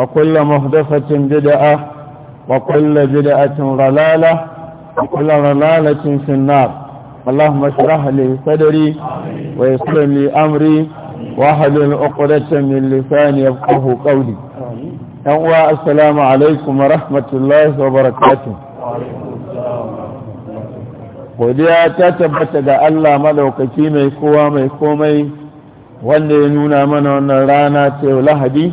وكل محدثة بدعة وكل بدعة ضلالة وكل ضلالة في النار اللهم اشرح لي صدري ويسر لي أمري واحلل عقدة من لساني يفقه قولي أنواع السلام عليكم ورحمة الله وبركاته godiya ta tabbata ga Allah madaukaki mai kowa mai komai wanda ya nuna mana wannan rana ce lahadi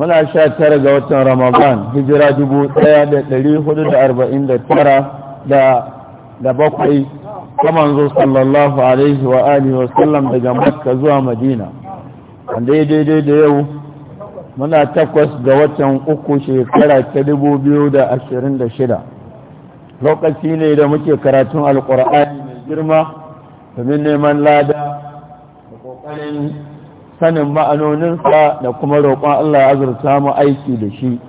muna sha tara ga watan ramadan hijira dubu ɗaya da ɗari hudu da arba'in da tara da bakwai kama zo sallallahu alaihi wa alihi wa sallam daga makka zuwa madina wanda ya daidai da yau muna takwas ga watan uku shekara ta dubu biyu da ashirin da shida lokaci ne da muke karatun alkur'ani mai girma domin neman lada da ƙoƙarin sanin ma'anoninsa da kuma roƙon Allah ya azurta mu aiki da shi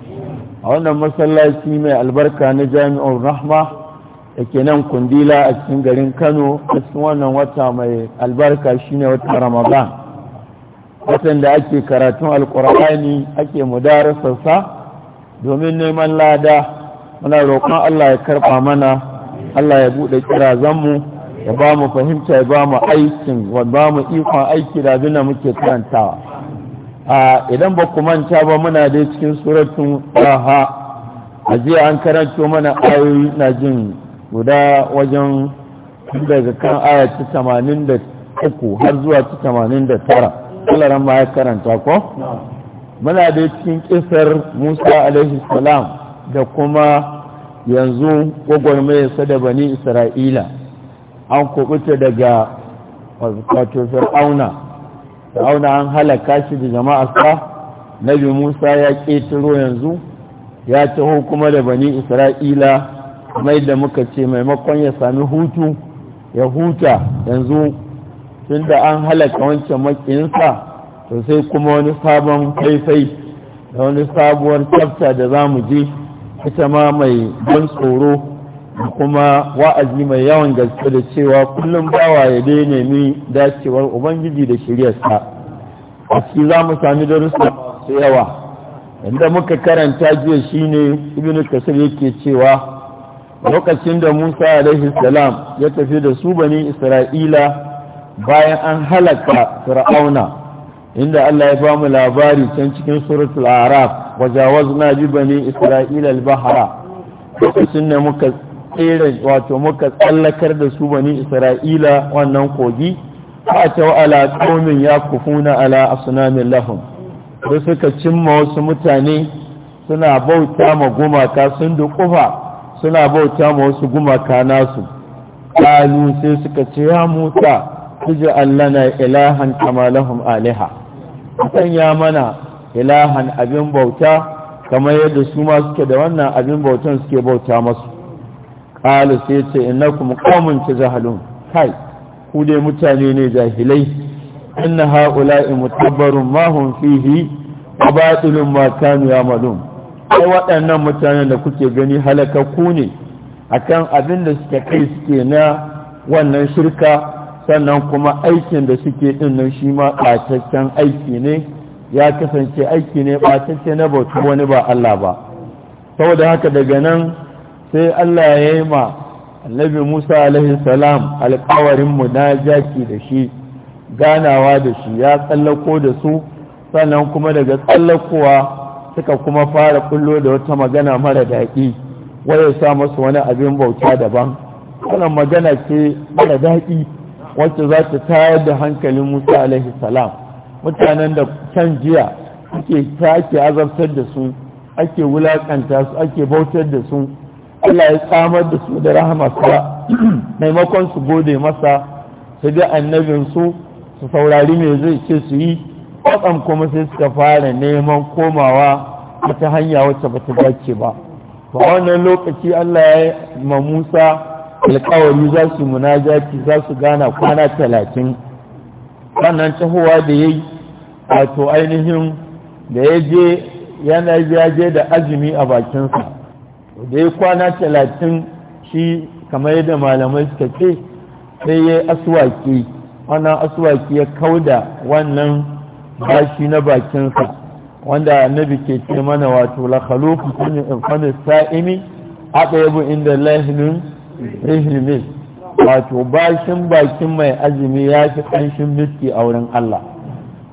a wannan masallaci mai albarka na jami'ar rahma da ke nan kundila a cikin garin kano a cikin wannan wata mai albarka shine wata ramadan watan da ake karatun alkur'ani ake mudarasarsa domin neman lada muna roƙon Allah ya karɓa mana Allah ya buɗe zanmu. ya ba mu fahimta ya ba mu aikin wa ba mu ikon aiki da abin da muke karantawa a idan ba ku manta ba muna dai cikin suratun ɗaha a jiya an karanto mana ayoyi na jin guda wajen daga kan aya ci tamanin da uku har zuwa ci tamanin da tara kalaran ma ya karanta ko muna dai cikin kisar musa alaihi salam da kuma yanzu gwagwarmayarsa da bani isra'ila an kubuta daga wato fir'auna fir'auna an halaka shi da jama'a sa nabi musa ya ƙetaro yanzu ya taho kuma da bani isra'ila mai da muka ce maimakon ya sami hutu ya huta yanzu tun da an halaka wancan makinsa to sai kuma wani sabon faifai da wani sabuwar tsafta da za mu je ita ma mai ban tsoro kuma wa'azi mai yawan gaske da cewa kullum bawa ya dai nemi dacewar ubangiji da shiryarsa a ciki za mu sami darussa masu yawa inda muka karanta jiya shi shine ibn kasar yake cewa lokacin da musa alaihi salam ya tafi da su bani isra'ila bayan an halaka fir'auna inda allah ya bamu labari can cikin suratul araf na bi bani isra'ila al-bahra lokacin da muka tsere wato muka tsallakar da su bani isra'ila wannan kogi fatau ala kufu na ala asnamin lahum Da suka cimma wasu mutane suna bauta ma gumaka sun dukufa suna bauta ma wasu gumaka nasu kalu sai suka ce ya muta allah na ilahan kama lahum aliha ya mana ilahan abin bauta kamar yadda su ma suke da wannan abin bautan suke bauta masu ƙalu sai ce ina kuma ƙomin ta zahalun kai ku dai mutane ne jahilai inna ha'ula'i mutabbarun mahun fihi a batulun makanu ya malum ai waɗannan mutanen da kuke gani halakakku ne a kan abin da suke kai suke na wannan shirka sannan kuma aikin da suke ɗinnan nan shi ma ɓataccen aiki ne ya kasance aiki ne ɓatacce na bautu wani ba Allah ba saboda haka daga nan sai Allah ya yi ma annabi Musa alaihi salam na jaki da shi ganawa da shi ya tsallako da su sannan kuma daga tsallakowa suka kuma fara kullo da wata magana mara daɗi waya sa masu wani abin bauta daban wannan magana ce mara daɗi wacce za ta tayar da hankalin Musa alaihi salam mutanen da can jiya ake ta ake azabtar da su ake wulaƙanta su ake bautar da su Allah ya samar da su da rahamarsa maimakon su gode masa su bi annabinsu su saurari me zai ce su yi kwatsam kuma sai suka fara neman komawa wata hanya wacce ba ta dace ba ba wannan lokaci Allah ya ma Musa alkawari za su munajati za su gana kwana talatin sannan tahowa da ya yi wato ainihin da ya je yana ya je da azumi a bakinsa da ya kwana talatin shi kamar yadda malamai suka ce sai ya aswaki wannan aswaki ya kauda wannan bashi na bakinsa wanda annabi ke ce mana wato la khalufu kulli infani sa'imi aqyabu inda lahinun rihimi wato bashin bakin mai azumi ya fi kanshin miski a wurin Allah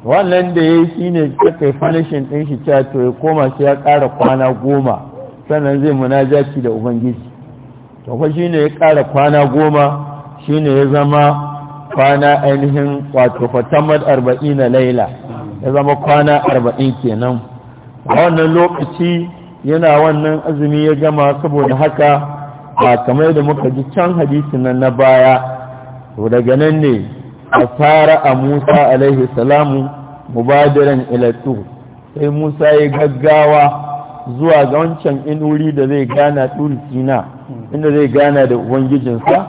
wannan da ya yi shi ne suka fanishin ɗin shi cewa to ya koma sai ya ƙara kwana goma sannan zai munajaci da ubangiji to fa shine ya ƙara kwana goma shine ya zama kwana ainihin wato fatamad na laila ya zama kwana arba'in kenan a wannan lokaci yana wannan azumi ya gama saboda haka ba kamar da muka ji can hadisin nan na baya to daga nan ne a fara a musa alaihi salamu mubadiran ilatu sai musa ya gaggawa zuwa ga wancan in wuri da zai gana turisina inda zai gana da ubangijinsa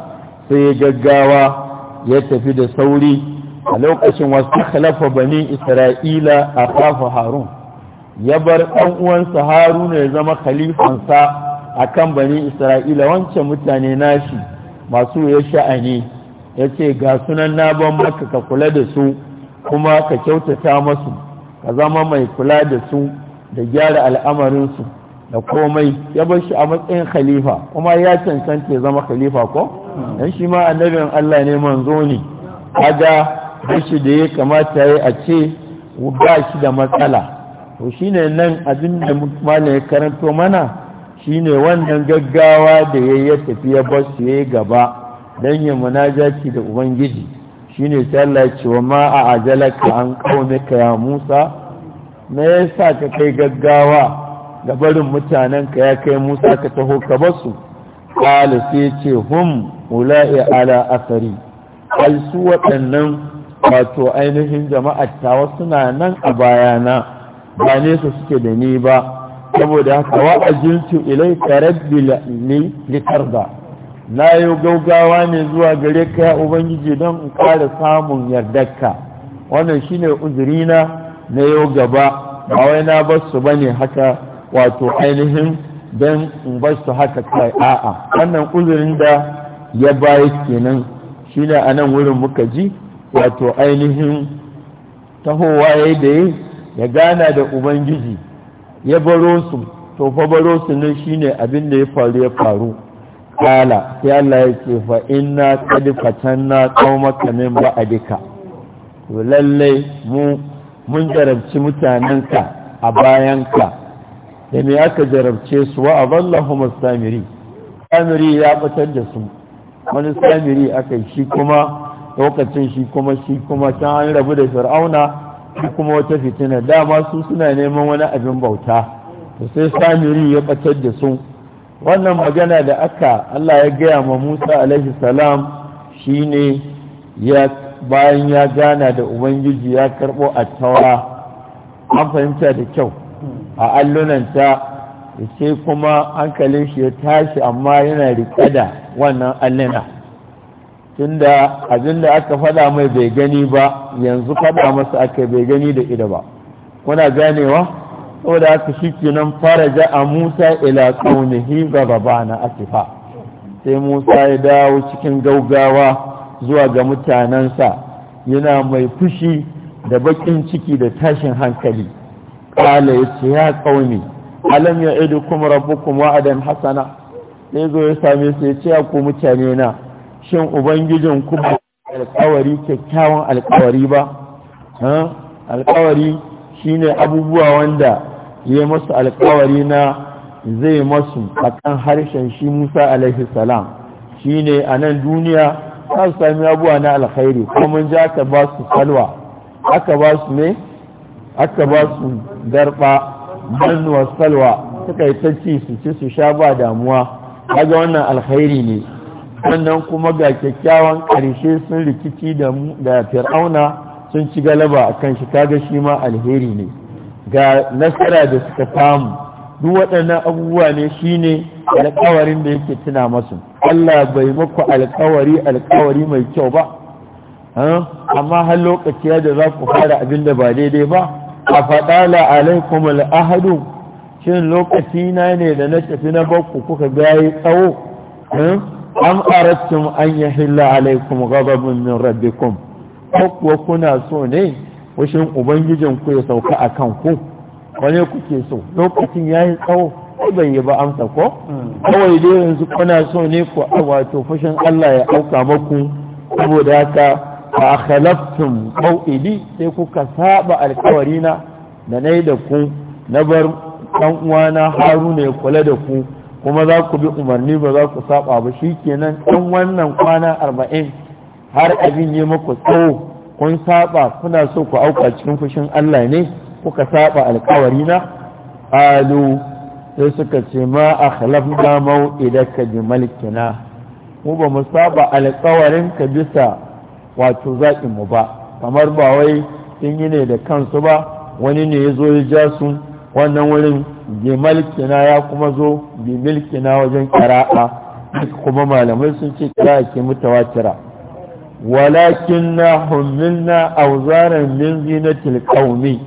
sai ya gaggawa ya tafi da sauri a lokacin wasu kalafa bani isra'ila a kafa harun ya bar ɗan uwansa haruna ya zama khalifansa a kan bani isra'ila wancan mutane nashi masu ya sha'ani ya ce ga sunan na ban maka ka kula da su kuma ka kyautata masu ka zama mai kula da su da gyara al'amarinsu da komai ya bar shi a matsayin khalifa kuma ya cancanta ya zama khalifa ko dan shi ma annabin Allah ne manzo ne kaga bashi da ya kamata ya a ce ba shi da matsala to shine nan abin da malam ya karanto mana shine wannan gaggawa da ya yi tafi ya bar shi ya gaba dan ya munajaci da ubangiji shine sai Allah ya ce wa ma a ajalaka an ka ya Musa me yasa ka kai gaggawa ga barin mutanen ka ya kai Musa ka taho ka basu qala sai ce hum ula'i ala asari ai su waɗannan wato ainihin jama'ar tawa suna nan a bayana ba nesa suke da ni ba saboda haka wa'ajiltu ilaika rabbi li litarda na yi gaugawa ne zuwa gare ka ya ubangiji don in kara samun yardarka wannan shine uzurina na yau gaba ba wai na bar su bane haka wato ainihin don in bar su haka kai a'a wannan uzurin da ya bayi kenan shine a nan wurin muka ji wato ainihin tahowa ya da ya gana da ubangiji ya baro su to fa baro su ne shine abin da ya faru ya faru kala sai Allah ya ce fa inna qad fatanna qaumaka min ba'dika to lalle mu mun jarabci mutanenka a bayanka da me aka jarabce su wa aballahum samiri samiri ya batar da su wani samiri aka shi kuma lokacin shi kuma shi kuma can an rabu da fir'auna shi kuma wata fitina dama su suna neman wani abin bauta da sai samiri ya batar da su wannan magana da aka Allah ya gaya ma Musa alaihi salam ne ya bayan ya gana da ubangiji ya karɓo a taura an fahimta da kyau a allunanta sai kuma hankalin shi ya tashi amma yana riƙe da wannan alluna tunda abin da aka faɗa mai bai gani ba yanzu faɗa masa aka bai gani da ida ba kuna ganewa saboda haka shi fara ja a musa ila ƙaunihi ga babana asifa sai musa ya dawo cikin gaugawa zuwa ga mutanensa yana mai fushi da bakin ciki da tashin hankali ƙala ya ce ya ƙauni alam ya idu kuma rabu kuma adan hasana ne zo ya same su ya ce ya ku mutane na shin ubangijin ku ba alƙawari kyakkyawan alƙawari ba alƙawari shine abubuwa wanda ya masu alƙawari na zai masu a kan harshen shi musa alaihi salam shine a nan duniya za su sami abuwa na alkhairi kuma mun ji aka ba su salwa aka ba su ne aka ba su darba bannuwa salwa suka yi tacci su ci su sha ba damuwa kaga wannan alkhairi ne wannan kuma ga kyakkyawan karshe sun rikici da fir'auna sun ci galaba akan kan shi kaga shi ma alheri ne ga nasara da suka samu duk waɗannan abubuwa ne shine alƙawarin da yake tuna masu Allah bai muku alkawari alkawari mai kyau ba amma har lokaci da za ku fara abin da ba daidai ba a la alaikum al'ahadu shin lokaci na ne da na tafi na bakku kuka gaye tsawo am arattum an hila alaikum gababin min rabbikum ko kuwa kuna so ne washin ubangijin ku ya sauka akan ku wane kuke so lokacin ya yi tsawo ai ban yi ba amsa ko kawai dai yanzu kuna so ne ku wato fashin Allah ya auka maku saboda haka fa khalaftum mau'idi sai kuka saba alkawari na da nayi da ku na bar dan uwana Haruna ya kula da ku kuma za ku bi umarni ba za ku saba ba shikenan dan wannan kwana 40 har abin yi muku tsawo kun saba kuna so ku auka cikin fushin Allah ne kuka saba alkawari na ado. sai suka ce ma a idan ka ji malikina mu ba mu saba alƙawarin ka bisa wato zaƙin mu ba kamar ba wai sun yi ne da kansu ba wani ne ya zo ya ja su wannan wurin bi malikina ya kuma zo bi milkina wajen kara'a kuma malamai sun ce kira ke mutawatira walakin na humminna auzaran min zinatil qaumi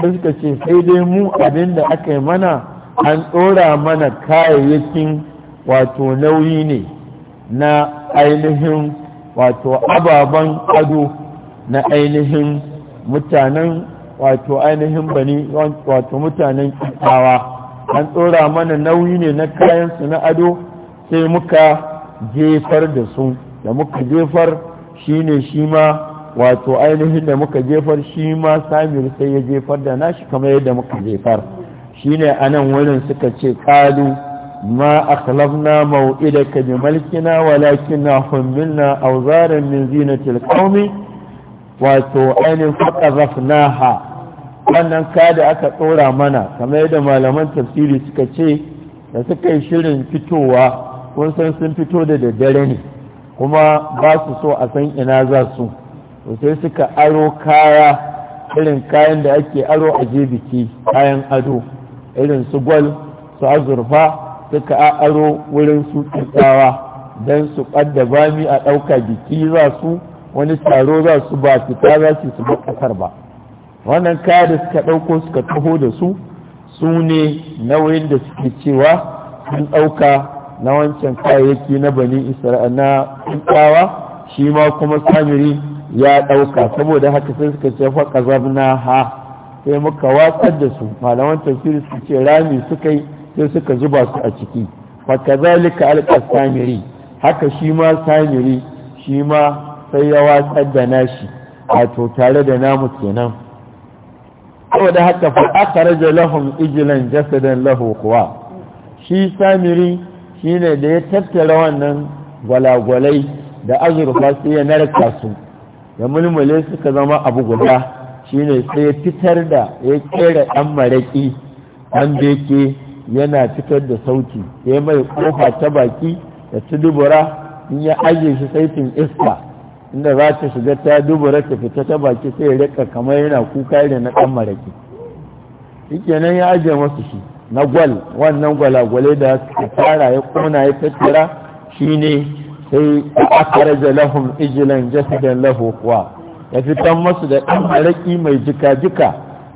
suka ce sai dai mu da aka yi mana an ɗora mana kayayyakin wato nauyi ne na ainihin wato ababen ado na ainihin mutanen wato ainihin bani wato mutanen kitawa an tsora mana nauyi ne na kayansu na ado sai muka jefar da su da muka jefar shi ne shi ma wato ainihin da muka jefar shi ma samir sai ya jefar da nashi kamar yadda muka jefar shine anan wurin suka ce qalu ma akhlafna maw'idaka bi malkina walakinna humilna awzaran min zinatil qaumi wato ainin faqazafnaha wannan kada aka tsora mana kamar yadda malaman tafsiri suka ce da suka yi shirin fitowa kun san sun fito da daddare ne kuma ba su so a san ina za su sai suka aro kaya irin kayan da ake aro a je biki kayan ado irin su gwal su azurfa suka aro wurin su tsawa don su ɓadda bami a ɗauka biki za su wani taro za su ba fita za su su ƙasar ba wannan kada da suka ɗauko suka taho da su su ne nauyin da suke cewa sun ɗauka na wancan kayayyaki na bani isra'a na tsawa shi ma kuma samiri ya ɗauka saboda haka sai suka ce fa ha sai muka watsar da su malaman tafsiri su ce rami suka yi sai suka zuba su a ciki fa kazalika alqa samiri haka shi ma samiri shi ma sai ya watsar da nashi wato tare da namu kenan saboda haka fa akhraja lahum ijlan jasadan lahu kuwa shi samiri shine da ya tattara wannan gwalagwalai da azurfa sai ya narka su da mulmule suka zama abu guda Shi ne sai ya fitar da ya kera ɗan maraƙi wanda yake yana fitar da sauti sai mai ƙofa ta baki da ta dubura in ya ajiye shi saifin iska inda za ta shiga ta dubura ta fita ta baki sai ya rika kamar yana kuka da na ɗan maraƙi shikenan ya ajiye masu shi na gwal wannan gwalagwale da ya fara ya ƙona ya tattara shine sai a akaraja lahum ijilan jasidan lahu ya fitan masu da ɗan maraƙi mai jika-jika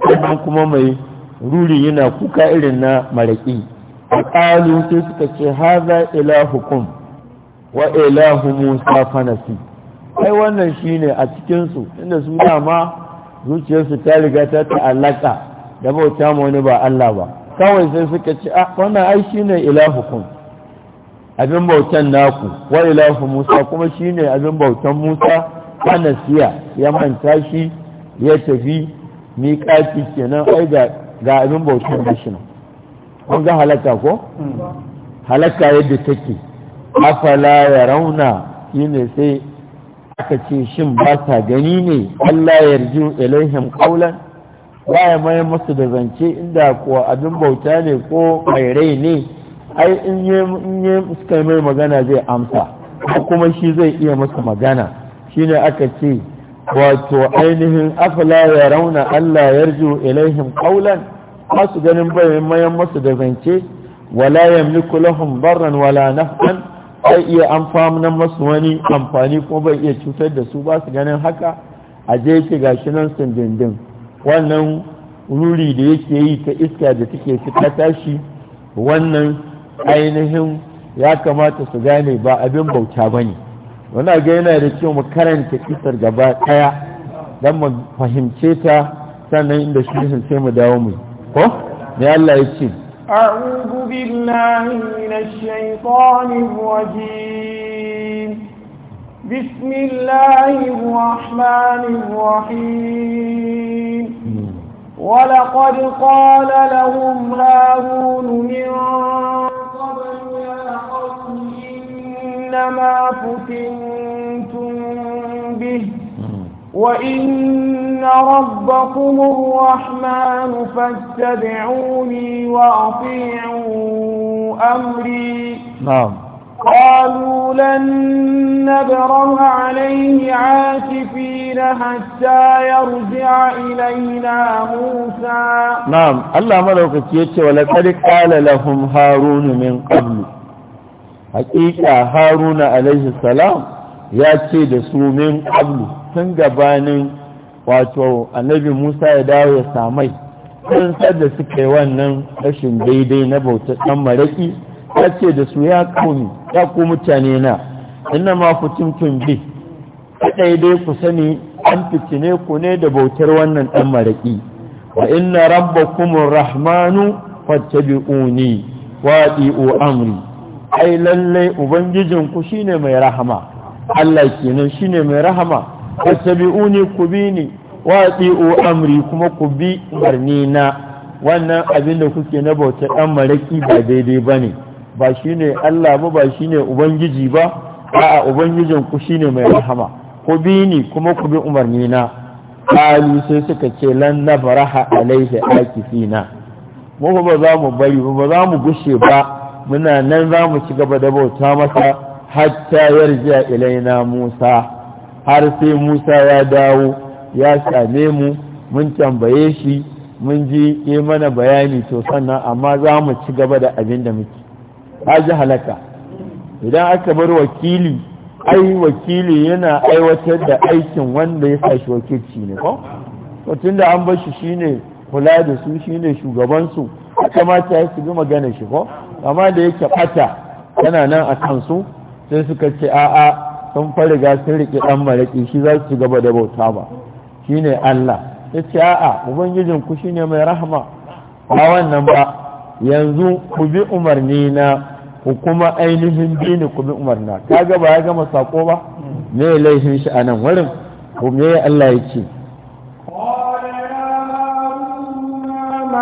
sannan kuma mai ruri yana kuka irin na maraƙi a ƙalu sai suka ce haza hukum?" wa ila humu safanasi kai wannan shi ne a cikinsu inda su ma zuciyarsu ta riga ta ta'allaka da bauta ma wani ba Allah ba kawai sai suka ce a ah, wannan ai shi ne ila hukum?" abin bautan naku wa ilahu musa kuma shi ne abin bautan musa kwanan siya ya manta shi ya tafi miƙaci kenan ai ga abin bautar mashina kun ga halaka ko? halaka yadda take afala ya rauna shi ne sai aka ce shin ba sa gani ne Allah ya riju ilaihim qawlan ya mai musu da zance inda ko abin bauta ne ko mai rai ne ai in yi in yi mai magana zai amsa ko kuma shi zai iya masa magana shine aka ce wato ainihin Afla ya rauna Allah Ya yarju ilaihim qawlan masu ganin bayan mayan masu da zance wala yamliku lahum barran wala naf'an ai iya amfanin masu wani amfani ko bai iya cutar da su ba su ganin haka a je "Ga gashi nan sun dindin wannan ruri da yake yi ta iska da take fita tashi wannan ainihin ya kamata su gane ba abin bauta bane wanda ga yana da kyau mu karanta kisar gaba daya dan mu fahimce ta sannan inda shi sai mu dawo mu ko ne Allah ya ce أعوذ بالله من الشيطان الرجيم بسم الله الرحمن الرحيم ولقد قال لهم هارون من ما فتنتم به وإن ربكم الرحمن فاتبعوني وأطيعوا أمري نعم قالوا لن نبرم عليه عاكفين حتى يرجع إلينا موسى نعم الله ملوك تيتش لقد قال لهم هارون من قبل Haƙiƙa haruna alaihi salam ya ce da su min qablu tun gabanin wato annabi musa ya dawo ya samai sun sadda suka yi wannan rashin daidai na bauta ɗan maraki ya ce da su ya kauni ya ku mutane na ina ma tuntun bi kaɗai dai ku sani an fitine ku ne da bautar wannan ɗan maraki wa inna rabbakumur rahmanu fattabi'uni wa amri ai lallai ubangijinku shine mai rahama Allah kenan shine mai rahama fattabi'uni ku bi ni wa ati'u amri kuma ku bi umarni na wannan abin da kuke na bauta dan maraki ba daidai bane ba shine Allah ba ba shine ubangiji ba a'a ubangijinku shine mai rahama ku bi ni kuma ku bi umarni na qalu sai suka ce lan nabraha alaihi akifina mu ba za mu bari ba za mu gushe ba muna nan za mu ci gaba da bauta masa hatta yarja ilaina Musa har sai Musa ya dawo ya same mu mun tambaye shi mun ji yi mana bayani to sannan amma za mu ci gaba da abin da muke ji halaka idan aka bar wakili ai wakili yana aiwatar da aikin wanda ya sa shi wakilci ne ko tun da an bashi shine kula da su shine shugabansu kamata ya su gama magana shi ko amma da yake fata yana nan a kansu sai suka ce a'a sun fariga sun riƙe ɗan malaki shi za su gaba da bauta ba shi ne Allah ya ce a'a ubangijin ku shi ne mai rahama ba wannan ba yanzu ku bi umarni na ku kuma ainihin dini ku bi umarna kaga ba ya gama sako ba me laifin shi a nan wurin ku me Allah ya ce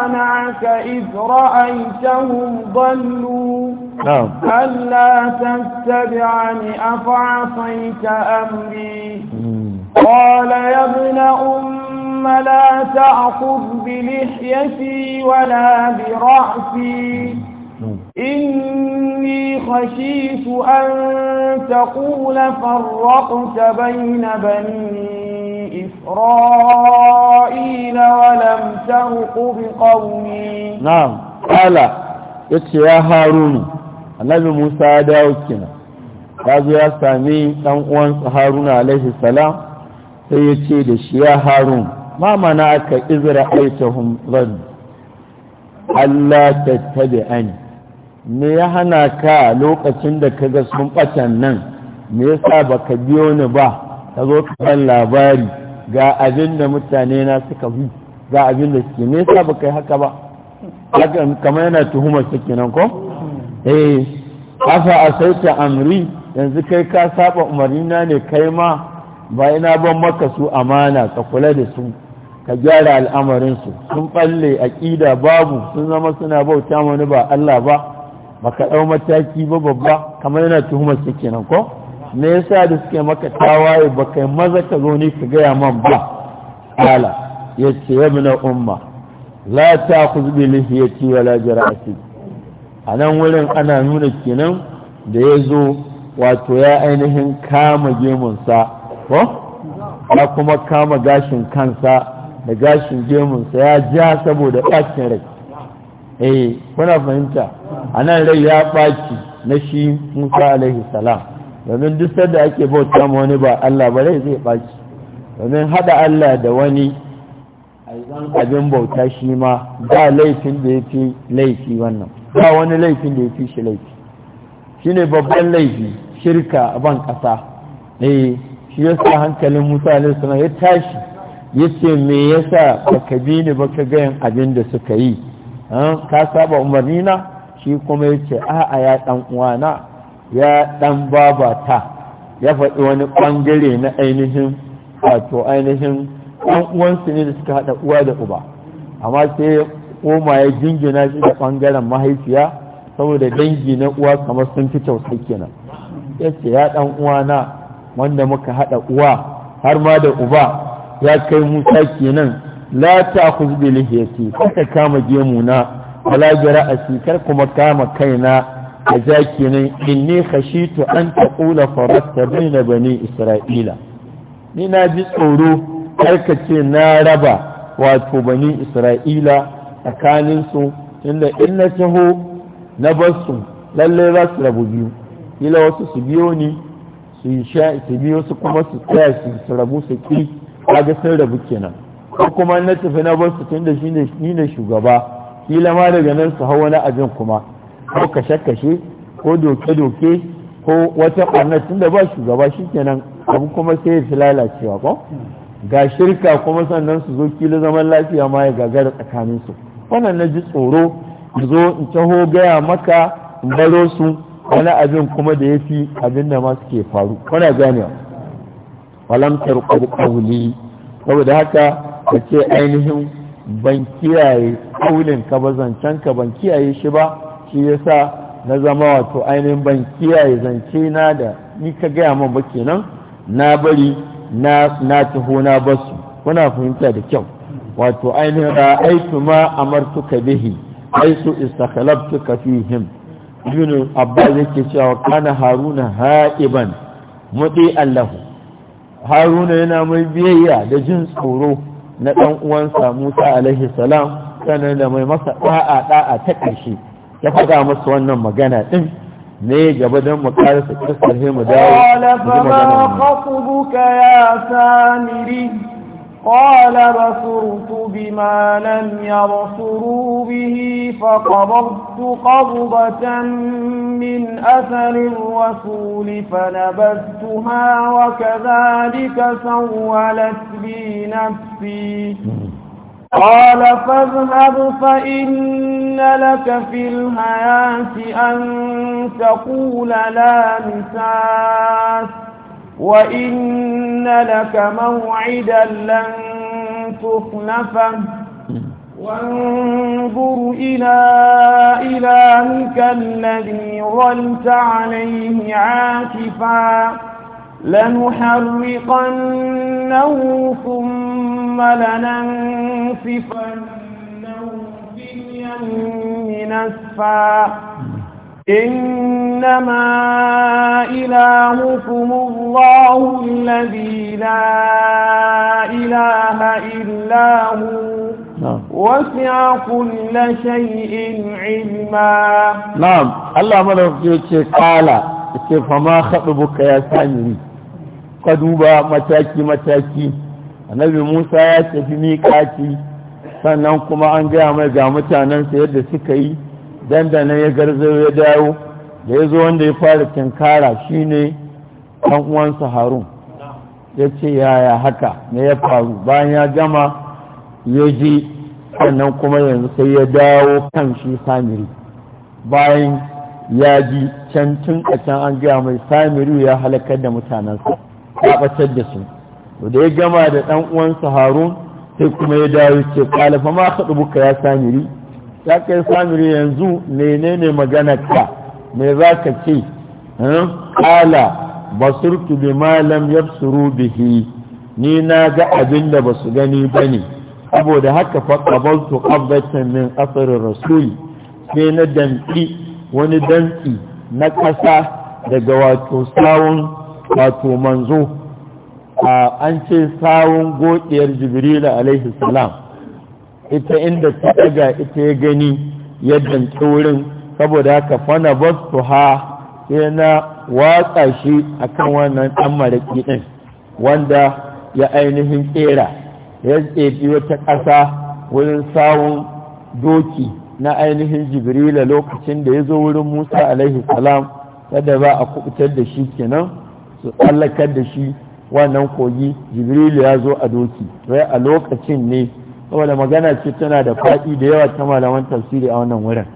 منعك إذ رأيتهم ضلوا ألا نعم. تتبعني أفعصيت أمري قال يا ابن أم لا تأخذ بلحيتي ولا برأسي إني خشيت أن تقول فرقت بين بني إسرائيل ولم ترق بقومي نعم قال يتي يا هارون النبي موسى داوكنا kazo ya sami ɗan uwansa Haruna alaihi salam sai ya ce da shi ya Harun ma mana aka izra'aitahum zan Allah ani. me ya hana ka lokacin da ka ga sun ɓatan nan me ya sa ba ka biyo ni ba ka zo ka ban labari ga abin da mutane na suka bi ga abin da suke me ya ba ka yi haka ba kamar yana tuhumar su kenan ko eh afa asaita amri yanzu kai ka saba umarni na ne kai ma ba ina ban maka su amana ka kula da su ka gyara al'amarin su sun balle aqida babu sun zama suna bauta wani ba Allah ba baka ɗau mataki ba babba kamar yana tuhumar su kenan ko me yasa da suke maka tawaye baka maza ka zo ne ka gaya man ba ala ya ce ya na umma la ta ku zubi lihiyati wala jira'ati a nan wurin ana nuna kenan da ya zo wato ya ainihin kama gemunsa ko ya kuma kama gashin kansa da gashin gemunsa ya ja saboda ɗakin rai eh kuna fahimta a nan rai ya baki na shi musa alaihi salam domin duk sanda ake bauta ma wani ba allah ba zai baki domin haɗa allah da wani abin bauta shi ma da laifin da ya fi laifi wannan ba wani laifin da ya fi shi laifi shi ne babban laifi shirka a ban ƙasa eh shi ya sa hankalin musa alaihi salam ya tashi ya ce me yasa baka bi ni ka gayan abin da suka yi Ah, ka saba umarni na shi kuma ya ce a'a ya dan uwana ya dan babata ya faɗi wani ɓangare na ainihin wato ainihin ɗan uwansu ne da suka haɗa uwa da uba amma sai ya koma ya jingina shi da ɓangaren mahaifiya saboda dangi na uwa kamar sun fi tausayi kenan ya ce ya ɗan uwana wanda muka haɗa uwa har ma da uba ya kai musa kenan la ta kuzbi lihiyati ka kama gemu na wala bi ra'asi kar kuma kama kaina da zaki nan inni khashitu an taqula farasta baina bani isra'ila ni na ji tsoro kar ka ce na raba wato bani isra'ila tsakanin su inda in na taho na basu lalle za su rabu biyu ila wasu su biyo ni su biyo su kuma su tsaya su rabu su ki kaga sun rabu kenan ko kuma na tafi na bar su tun da ni ne shugaba kila ma daga nan su hau wani abin kuma ko kashe-kashe ko doke-doke ko wata ɓarnar tun da ba shugaba shi kenan abu kuma sai ya fi lalacewa ko ga shirka kuma sannan su zo kila zaman lafiya ma ya gagara tsakanin su wannan na ji tsoro zo in taho gaya maka in baro su wani abin kuma da ya fi abin da ma suke faru kuna ganewa walam tarqabu qawli saboda haka ka ce ainihin ban kiyaye kaulin ka ba zancen ka ban kiyaye shi ba shi yasa na zama wato ainihin ban kiyaye zance na da ni ka gaya min ba kenan na bari na na taho na basu kuna fahimta da kyau wato ainihin aitu ma amartuka bihi aisu him fihim ibn abbas yake cewa kana haruna ha'iban mudi allahu haruna yana mai biyayya da jin tsoro na ɗan uwansa Musa alaihi salam sannan da mai masa ɗa'a ɗa'a ta ƙarshe ya faɗa masa wannan magana ɗin ne gaba don mu ƙarasa ƙasar himu dawo. Kala fa ya samiri قال بصرت بما لم يبصروا به فقبضت قبضة من أثر الرسول فنبذتها وكذلك سولت بي نفسي قال فاذهب فإن لك في الحياة أن تقول لا مساس وإن لك موعدا لن تخلفه وانظر إلى إلهك الذي ظلت عليه عاكفا لنحرقنه ثم لننصفنه في اليم نسفا إنما إلهكم الله الذي لا إله إلا هو وسع كل شيء علما نعم الله ملوكي قال فما خطبك يا سامري kaduba mataki-mataki annabi musa ya tafi miƙaci sannan kuma an gaya mai ga mutanensa yadda suka yi Dan da nan ya garzo ya dawo da ya zo wanda ya fara tinkara shine ɗan uwansa harun ya ce yaya haka na ya faru bayan ya gama ya ji sannan kuma yanzu sai ya dawo kan shi samiri bayan ya ji can tun a can an gaya mai samiri ya halakar da mutanensa ya ɓatar da su da ya gama da ɗan uwansa harun sai kuma ya dawo ce ƙalafa ma haɗu buka ya samiri ya kai samiri yanzu menene maganarka me za ka ce ƙala basurtu bi malam suru bihi ni na ga abin da ba su gani ba ne saboda haka faƙabaltu ƙabbatan min ƙasar rasuli sai na danki wani danki na ƙasa daga wato sawun wato manzo an ce sawun godiyar jibrila alaihi salam ita inda ta daga ita ya gani yadda tsorin saboda haka fana bastu ha sai na watsa shi kan wannan ɗan maraƙi ɗin wanda ya ainihin tsera ya tsefi wata ƙasa wurin sawun doki na ainihin jibrila lokacin da ya zo wurin musa alaihi salam kada ba a kubutar da shi kenan su tsallakar da shi wannan kogi jibrila ya zo a doki sai a lokacin ne saboda magana ce tana da faɗi da yawa ta malaman tafsiri a wannan wurin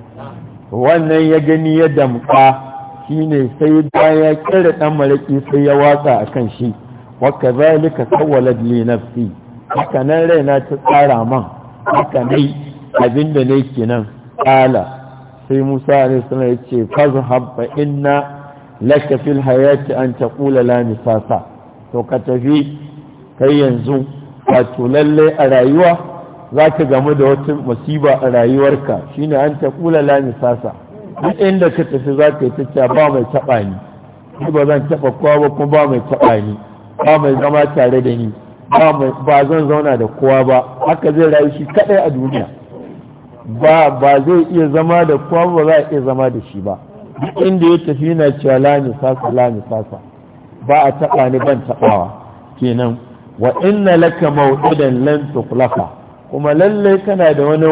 wannan ya gani ya damƙa ne sai baya kira ɗan malaki sai ya watsa a kan shi waka zalika sawwalat li nafsi haka nan raina ta tsara man haka nai abinda ne nan ƙala. sai Musa alaihi salam ya ce fazhab fa inna laka hayati an taqula la misasa to ka tafi kai yanzu wato lallai a rayuwa za ka gamu da wata masiba a rayuwarka shine an ta kula lami sasa duk inda ka tafi za ka yi ta ba mai taɓa ni ni ba zan taɓa kowa ba kuma ba mai taɓa ni ba mai zama tare da ni ba zan zauna da kowa ba haka zai rayu shi kaɗai a duniya ba zai iya zama da kowa ba za a iya zama da shi ba duk inda ya tafi na cewa lami sasa lami sasa ba a taɓa ni ban taɓawa kenan wa inna laka maw'idan lan tukhlafa kuma lallai kana da wani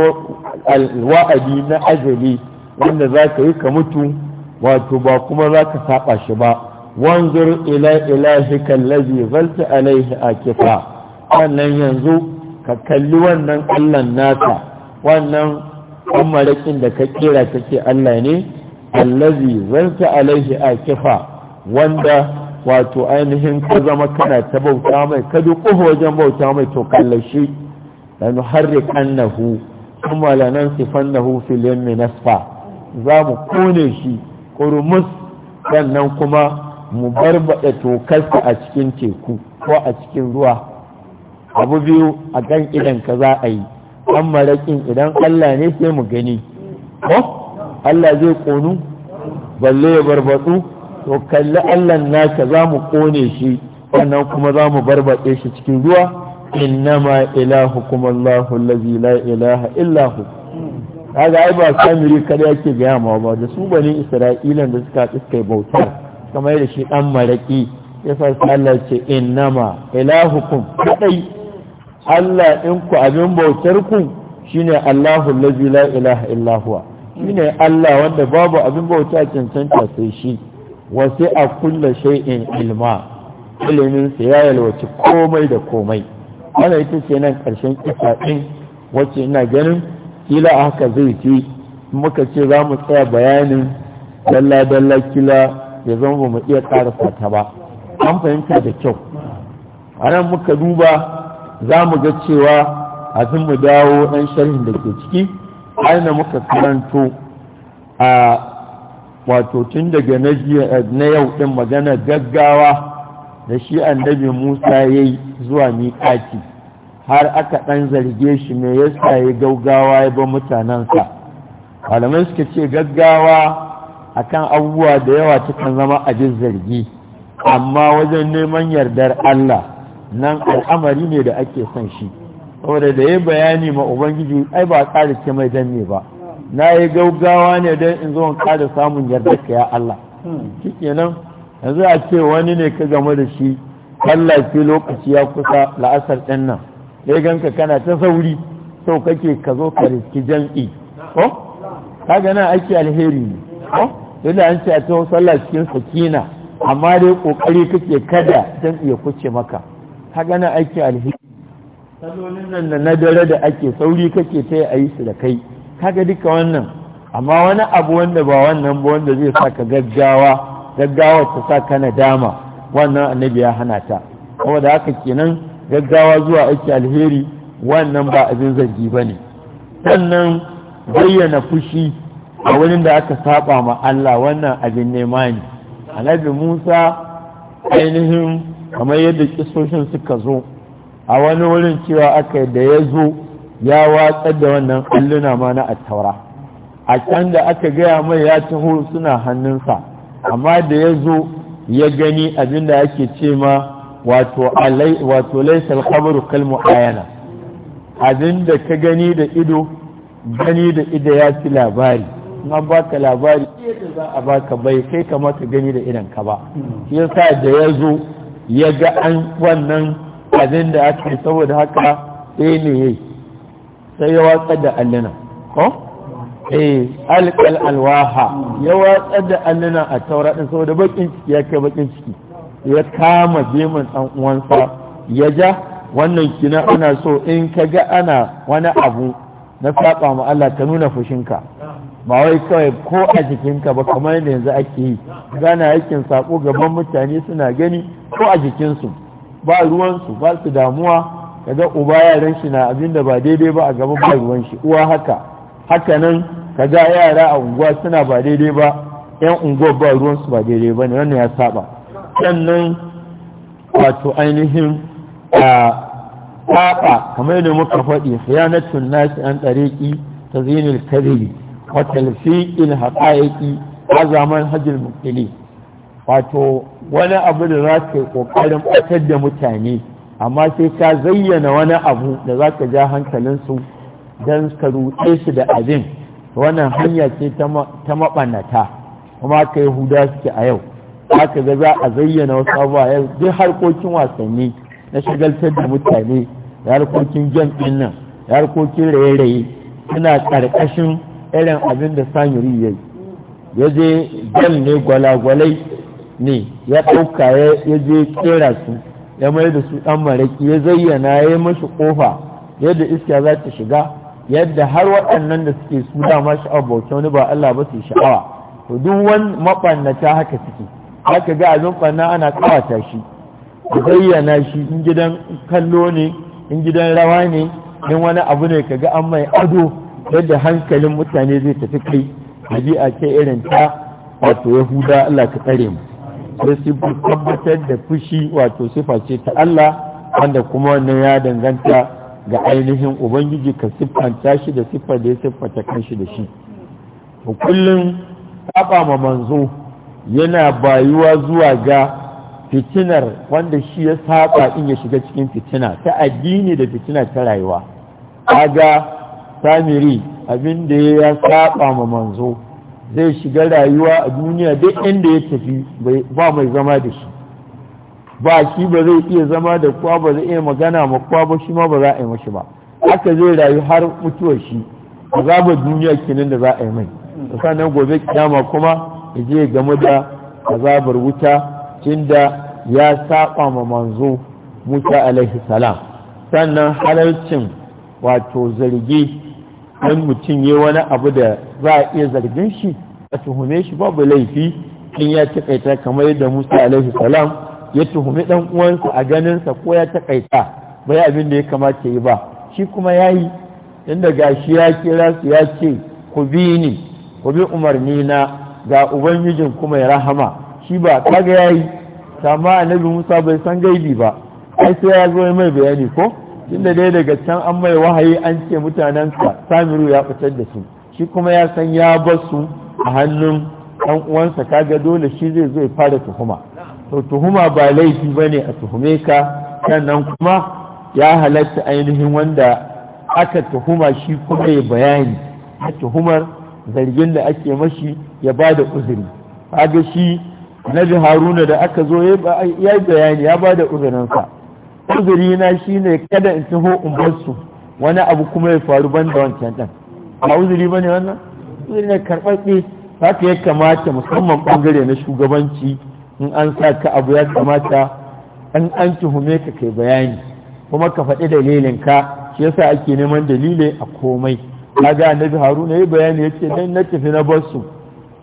wa'adi na ajali wanda za ka yi ka mutu wato ba kuma za ka saba shi ba wanzur ila ilahika a zalta alaihi akifa wannan yanzu ka kalli wannan Allah naka wannan amarakin da ka kira kake Allah ne allazi zalta alaihi akifa wanda wato ainihin ka zama kana ta bauta mai ka duk wajen bauta mai to kallashi annahu kuma lanansifannahu fil yammi nasfa za mu kone shi kurmus sannan kuma mu barbada tokarsa a cikin teku ko a cikin ruwa abu biyu a kan idan ka za a yi an marakin idan Allah ne sai mu gani ko Allah zai konu balle ya barbadu to kalli Allah naka za mu kone shi sannan kuma za mu barbade shi cikin ruwa innama ilahukum Allahu allazi la ilaha illa hu kaga ai ba samiri kada yake ga yamma ba da su bani isra'ilan da suka tsakai bautar kamar da shi dan maraki ya sa Allah ce innama ilahukum kadai Allah din ku abin bautar ku shine Allahu allazi la ilaha illa huwa shine Allah wanda babu abin bauta cancanta sai shi wasi a kulla shay'in ilma ilimin ya yalwaci komai da komai ana ita ce nan ƙarshen kitaɗin ɗin wacce ina ganin kila a haka zai ce muka ce za mu tsaya bayanin dalla-dalla kila ya zama ba mu iya ƙarasa ta ba an fahimta da kyau a nan muka duba za mu ga cewa a kafin mu dawo ɗan sharhin da ke ciki aina muka karanto a wato tun daga eh, na yau ɗin magana gaggawa da shi annabi musa ya yi zuwa miƙaci har aka ɗan zarge shi me yasa ya gaugawa ya ba mutanensa malamai suka ce gaggawa a kan abubuwa da yawa cikin zama abin zargi amma wajen neman yardar Allah nan al'amari ne da ake son shi saboda da ya bayani ma ubangiji ai ba ƙara ce mai dan ne ba na yi gaugawa ne don in zo in ƙara samun ka ya Allah shikenan yanzu a ce wani ne ka game da shi Allah ke lokaci ya kusa la'asar ɗin nan ya ganka kana ta sauri sau kake ka zo ka riski jam'i ko kaga gana ake alheri ne ko yadda an ce a cikin sallah cikin sakina amma dai kokari kake kada jam'i ya kuce maka kaga gana ake alheri salonin nan da na dare da ake sauri kake ta yi a yi su da kai kaga duka wannan amma wani abu wanda ba wannan ba wanda zai sa ka gaggawa gaggawa ta sa ka dama? wannan annabi ya hana ta saboda haka kenan gaggawa zuwa aiki alheri wannan ba abin zargi ba ne sannan bayyana fushi a wurin da aka saba ma Allah wannan abin nema ne annabi Musa ainihin kamar yadda kisoshin suka zo a wani wurin cewa aka da ya zo ya watsar da wannan alluna ma na attaura a can da aka gaya mai ya taho suna hannunsa amma da ya zo ya gani abin da ake ce ma wato alai wato laysa al-khabaru kal muayana abinda ka gani da ido gani da ido ya ci labari in ba ka labari yadda za a baka bai kai kamar ka gani da idan ka ba Ya sa da ya zo ya ga an wannan abin da aka yi saboda haka sai ne yayi sai ya watsar da allina. ko eh alqal alwaha ya watsar da allina a tauraɗin saboda bakin ciki ya kai bakin ciki ya kama gemun ɗan uwansa ya ja wannan kina ana so in ka ga ana wani abu na saba ma Allah ka nuna fushinka ba wai kawai ko a jikinka ba kamar yadda yanzu ake yi gana yakin sako gaban mutane suna gani ko a jikinsu ba ruwansu ba su damuwa kaga uba yaran shi na abin da ba daidai ba a gaban ba ruwan shi uwa haka haka nan kaga yara a unguwa suna ba daidai ba yan unguwa ba ruwansu ba daidai ba ne wannan ya saba sannan wato ainihin a ƙaƙa kamar yadda muka faɗi khiyanatun nasi an tsareki ta zinil kadiri wa talfiqil haƙa'iƙi a zaman hajjil muqtili wato wani abu da za ka yi ƙoƙarin ɓatar da mutane amma sai ka zayyana wani abu da za ka ja hankalinsu don ka rutse su da abin wannan hanya ce ta maɓanata, kuma ka yi huda suke a yau haka ga za a zayyana wasu abuwa ya duk harkokin wasanni na shagaltar da mutane da harkokin jan nan da harkokin raye-raye suna ƙarƙashin irin abin da sanyuri ya yi ya je jan ne gwalagwalai ne ya ɗauka ya je kera su ya mai da su ɗan maraki ya zayyana ya yi mashi ƙofa yadda iska za ta shiga yadda har waɗannan da suke su dama sha'awa bauta wani ba Allah ba su sha'awa to duk wani maɓannata haka suke aka ga abin ɓanna ana kawata shi ka bayyana shi in gidan kallo ne in gidan rawa ne in wani abu ne ka ga an mai ado yadda hankalin mutane zai tafi kai ɗabi'a ce irin ta wato yahuda Allah ka tsare mu sai su tabbatar da fushi wato sifa ce ta Allah wanda kuma wannan ya danganta ga ainihin ubangiji ka siffanta shi da siffar da ya siffata kanshi da shi to kullum saba ma manzo yana bayuwa zuwa ga fitinar wanda shi ya saba in ya shiga cikin fitina ta addini da fitina ta rayuwa kaga samiri abinda da ya saba ma manzo zai shiga rayuwa a duniya duk inda ya tafi ba mai zama da shi ba shi ba zai iya zama da kwa ba zai iya magana ma kwa ba shi ma ba za a yi mashi ba haka zai rayu har mutuwar shi za ba duniya kenan da za a yi mai sannan gobe kiyama kuma ya je game da azabar wuta tunda ya saba ma manzo Musa alaihi salam sannan halarcin wato zargi dan mutum ya wani abu da za a iya zargin shi a tuhume shi babu laifi in ya taƙaita kamar yadda Musa alaihi salam ya tuhumi dan uwansa a ganinsa ko ya takaita bai abin da ya kamata yi ba shi kuma yayi inda gashi ya kira su ya ce ku bi ni ku bi umarni na ga ubangijin kuma ya rahama shi ba kaga yayi kama annabi Musa bai san gaibi ba ai sai ya zo mai bayani ko tunda dai daga can an mai wahayi an ce sa Samiru ya fitar da su shi kuma ya san ya su a hannun ɗan uwansa kaga dole shi zai zo ya fara tuhuma to tuhuma ba laifi bane a tuhume ka sannan kuma ya halatta ainihin wanda aka tuhuma shi kuma ya bayani a tuhumar zargin da ake mashi ya ba da uzuri kaga shi nabi haruna da aka zo ya yi bayani ya ba da uzurinsa uzuri na shi ne kada in taho in wani abu kuma ya faru ban da wancan ɗan ba uzuri ba ne wannan uzuri ne Za haka ya kamata musamman ɓangare na shugabanci in an sa ka abu ya kamata an an tuhume ka kai bayani kuma ka faɗi dalilin ka shi yasa ake neman dalilin a komai kaga annabi haruna ya bayani yace dan na tafi na basu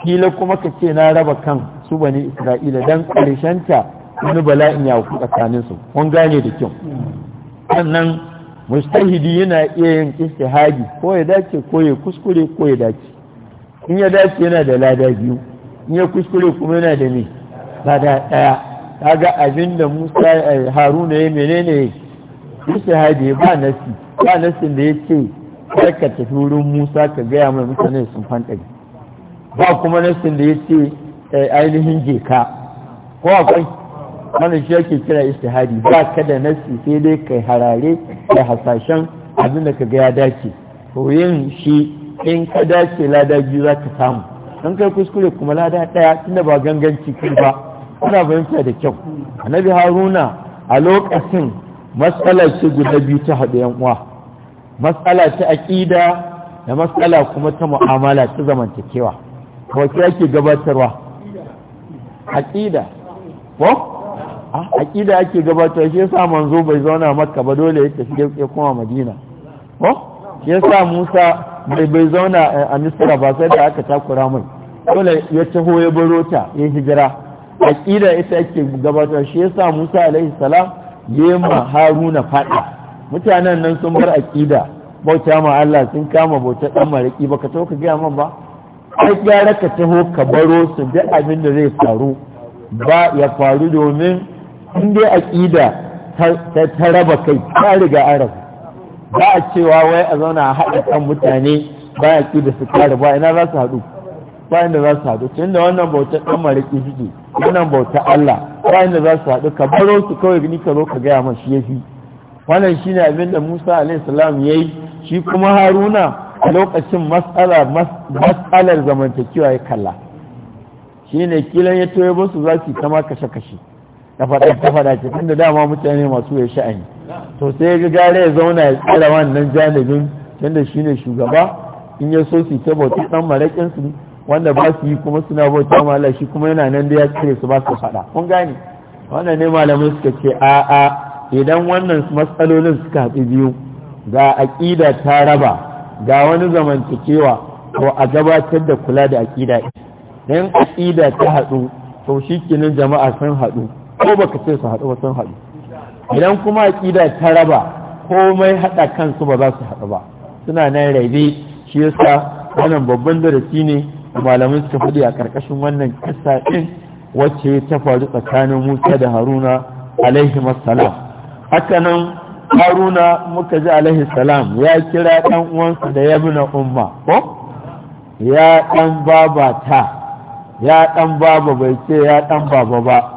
kila kuma ka ce na raba kan su bani isra'ila dan karshenta wani bala'in ya ku tsakanin su kun gane da kyau sannan mustahidi yana iya yin istihadi ko ya dace ko ya kuskure ko ya dace in ya dace yana da lada biyu in ya kuskure kuma yana da me lada daya kaga abin da Musa eh, Haruna ya menene istihadi ba nasi ba nasin da ce. kar ka tafi wurin Musa ka gaya mai mutane sun fantari ba kuma nasin da ya ce eh, ainihin je ka ko akwai wani shi yake kira istihadi ba ka da nasi sai dai kai harare da hasashen abin da ka gaya dace to yin shi in ka dace lada biyu za ka samu don kai kuskure kuma lada ɗaya tunda ba ganganci kai ba kuna fahimta da kyau annabi haruna a lokacin matsalar ce guda biyu ta haɗu yan uwa matsala ta aƙida da matsala kuma ta mu'amala ta zamantakewa wace ake gabatarwa aƙida ko aƙida ah, ake gabatarwa shi yasa manzo bai zauna makka ba dole ya tafi ya kuma madina ko shi yasa musa bai bai zauna eh, a misra ba sai da aka takura mai dole ya taho ya baro ta ya hijira aƙida ita ake gabatarwa shi yasa musa alaihi salam yema haruna faɗa mutanen nan sun bar aƙida bauta ma Allah sun kama bautar ɗan mariki ba ka ka gaya man ba ai gyara ka taho ka baro su duk abin da zai faru ba ya faru domin in dai aƙida ta raba kai ta riga arab ba a cewa wai a zauna a haɗa kan mutane ba ya da su kare ba ina za su haɗu ba inda za su haɗu tun da wannan bautar ɗan mariki suke wannan bautar Allah ba inda za su haɗu ka baro su kawai ni ka zo ka gaya man shi ya fi wannan shine abin da Musa alaihi salam yayi shi kuma Haruna a lokacin mas'ala mas'alar zamantakewa ya kalla shine kilan ya toye basu za su kama kashe kashe da fada ta fada ce tunda dama mutane masu ya sha'ani to sai ga gare ya zauna ya tsara wannan janibin tunda shine shugaba in ya so su ta bauta dan marakin su wanda ba su yi kuma suna bauta Allah shi kuma yana nan da ya kire su ba su fada kun gane wannan ne malamai suka ce a'a idan wannan matsalolin suka haɗu biyu ga aƙida ta raba ga wani zamantakewa to a gabatar da kula da aƙida don aƙida ta haɗu to shi kinin jama'a sun haɗu ko baka ce su haɗu ba sun haɗu idan kuma aƙida ta raba komai haɗa kansu ba za su haɗu ba suna nan raibe shi yasa wannan babban darasi ne malamin suka faɗi a ƙarƙashin wannan ƙasa ɗin wacce ta faru tsakanin musa da haruna alaihi salam haka nan haruna muka ji alaihi salam ya kira ɗan uwansa da yabna umma ko ya ɗan baba ta ya ɗan baba bai ce ya ɗan baba ba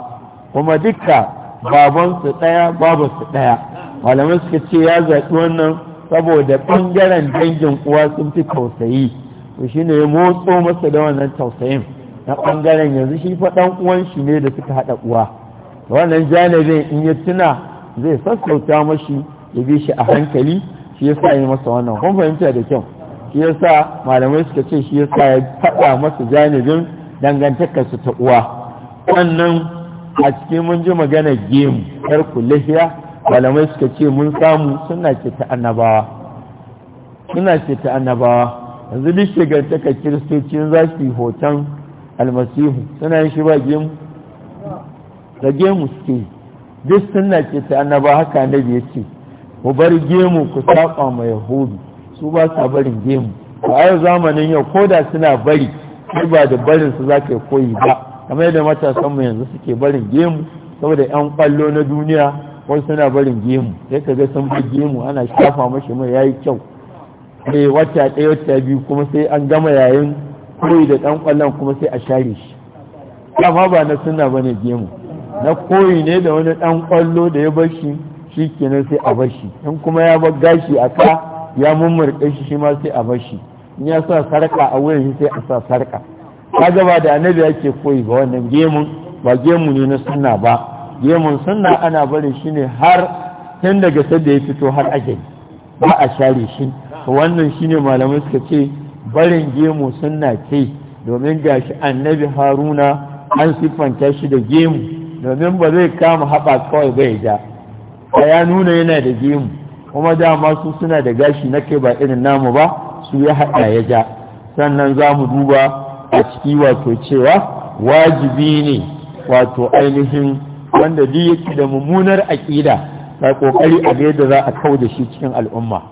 kuma duka babansu ɗaya babansu ɗaya malamai suka ce ya zaɓi wannan saboda ɓangaren dangin uwa sun fi tausayi to shi ne motso masa da wannan tausayin na ɓangaren yanzu shi fa ɗan uwan shi ne da suka haɗa uwa wannan janibin in ya tuna zai sassauta mashi ya bi shi a hankali shi ya sa yi masa wannan kun fahimta da kyau shi ya sa malamai suka ce shi ya sa ya faɗa masa janibin dangantakarsu ta uwa wannan a cikin mun ji magana gemu yar lahiya, malamai suka ce mun samu suna ce ta annabawa suna ce ta annabawa yanzu duk shigantakar kiristocin za su yi hoton almasihu suna yin shi ba gemu da gemu suke yi duk suna ce ta annaba haka na ya ce ku bar gemu ku saƙa ma yahudu su ba sa barin gemu a yau zamanin yau ko da suna bari su ba da barin su zaka koyi ba kamar yadda matasan mu yanzu suke barin gemu saboda yan kwallo na duniya wasu suna barin gemu sai ka ga sun bar gemu ana shafa mashi mai yayi kyau sai eh, wata ɗaya wata biyu kuma sai an gama yayin koyi da ɗan kwallon kuma sai a share shi amma ba na suna bane gemu na koyi ne da wani ɗan ƙwallo da ya bashi shi kenan sai a bashi in kuma ya bar gashi a ka ya mummurɗe shi shi ma sai a bashi in ya sa sarka a wurin shi sai a sa sarka ka gaba da annabi yake koyi ba wannan gemun ba gemu ne na sunna ba gemun sunna ana barin shi ne har tun daga sadda ya fito har ake ba a share shi wannan shine malamai suka ce barin gemu sunna ce domin gashi annabi haruna an siffanta shi da gemu domin ba zai kama haɓa kawai bai ja a ya nuna yana da gemu kuma dama su suna da gashi na kai ba irin namu ba su ya haɗa ya ja sannan za mu duba a ciki wato cewa wajibi ne wato ainihin wanda duk yake da mummunar aƙida ta ƙoƙari a yadda za a kau da shi cikin al'umma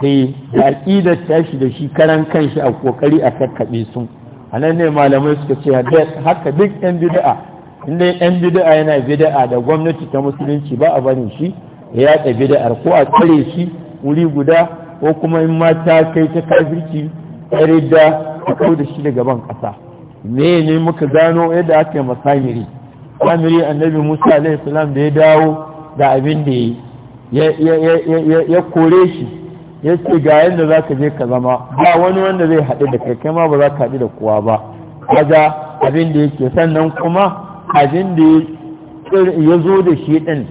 sai eh, da aƙidar tashi da shi karan kanshi a ƙoƙari a kakkaɓe su a nan ne malamai suka ce haka duk 'yan bida'a In inda yan bid'a yana bida'a da gwamnati ta musulunci ba a barin shi ya yaɗa bida'ar ko a tsare shi wuri guda ko kuma in ma ta kai ta kafirci tsare da a kau da shi daga ban ƙasa me ne muka gano yadda aka yi masamiri samiri annabi musa alaihi salam da ya dawo da abin da ya kore shi ya ce ga yadda za ka je ka zama ba wani wanda zai haɗu da kai kai ma ba za ka haɗu da kowa ba kaga abin da yake sannan kuma abin da ya zo da shi ɗin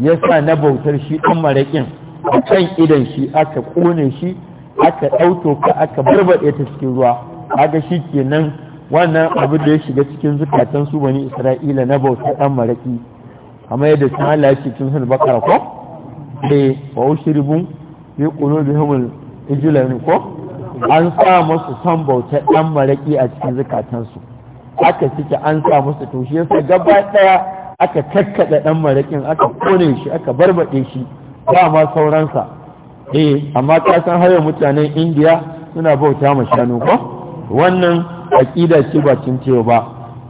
ya sa na bautar shi ɗan maraƙin a kan idan shi aka ƙone shi aka ɗauto ka aka barbaɗe ta cikin ruwa aga shi ke nan wannan abin da ya shiga cikin zukatan su bani isra'ila na bautar ɗan maraƙi kamar yadda sun halaye cikin sun bakara ko ya eh, ƙuno da qulubihimul ijlan ko an sa masu san bautar ɗan maraƙi a cikin zukatansu aka cike an sa musu tushe shi yasa gaba daya aka kakkada dan marakin aka kone shi aka barbade shi ba ma sauransa eh amma ka san har mutanen Indiya suna bauta ma shanu ko wannan aqida ce ba cincewa ba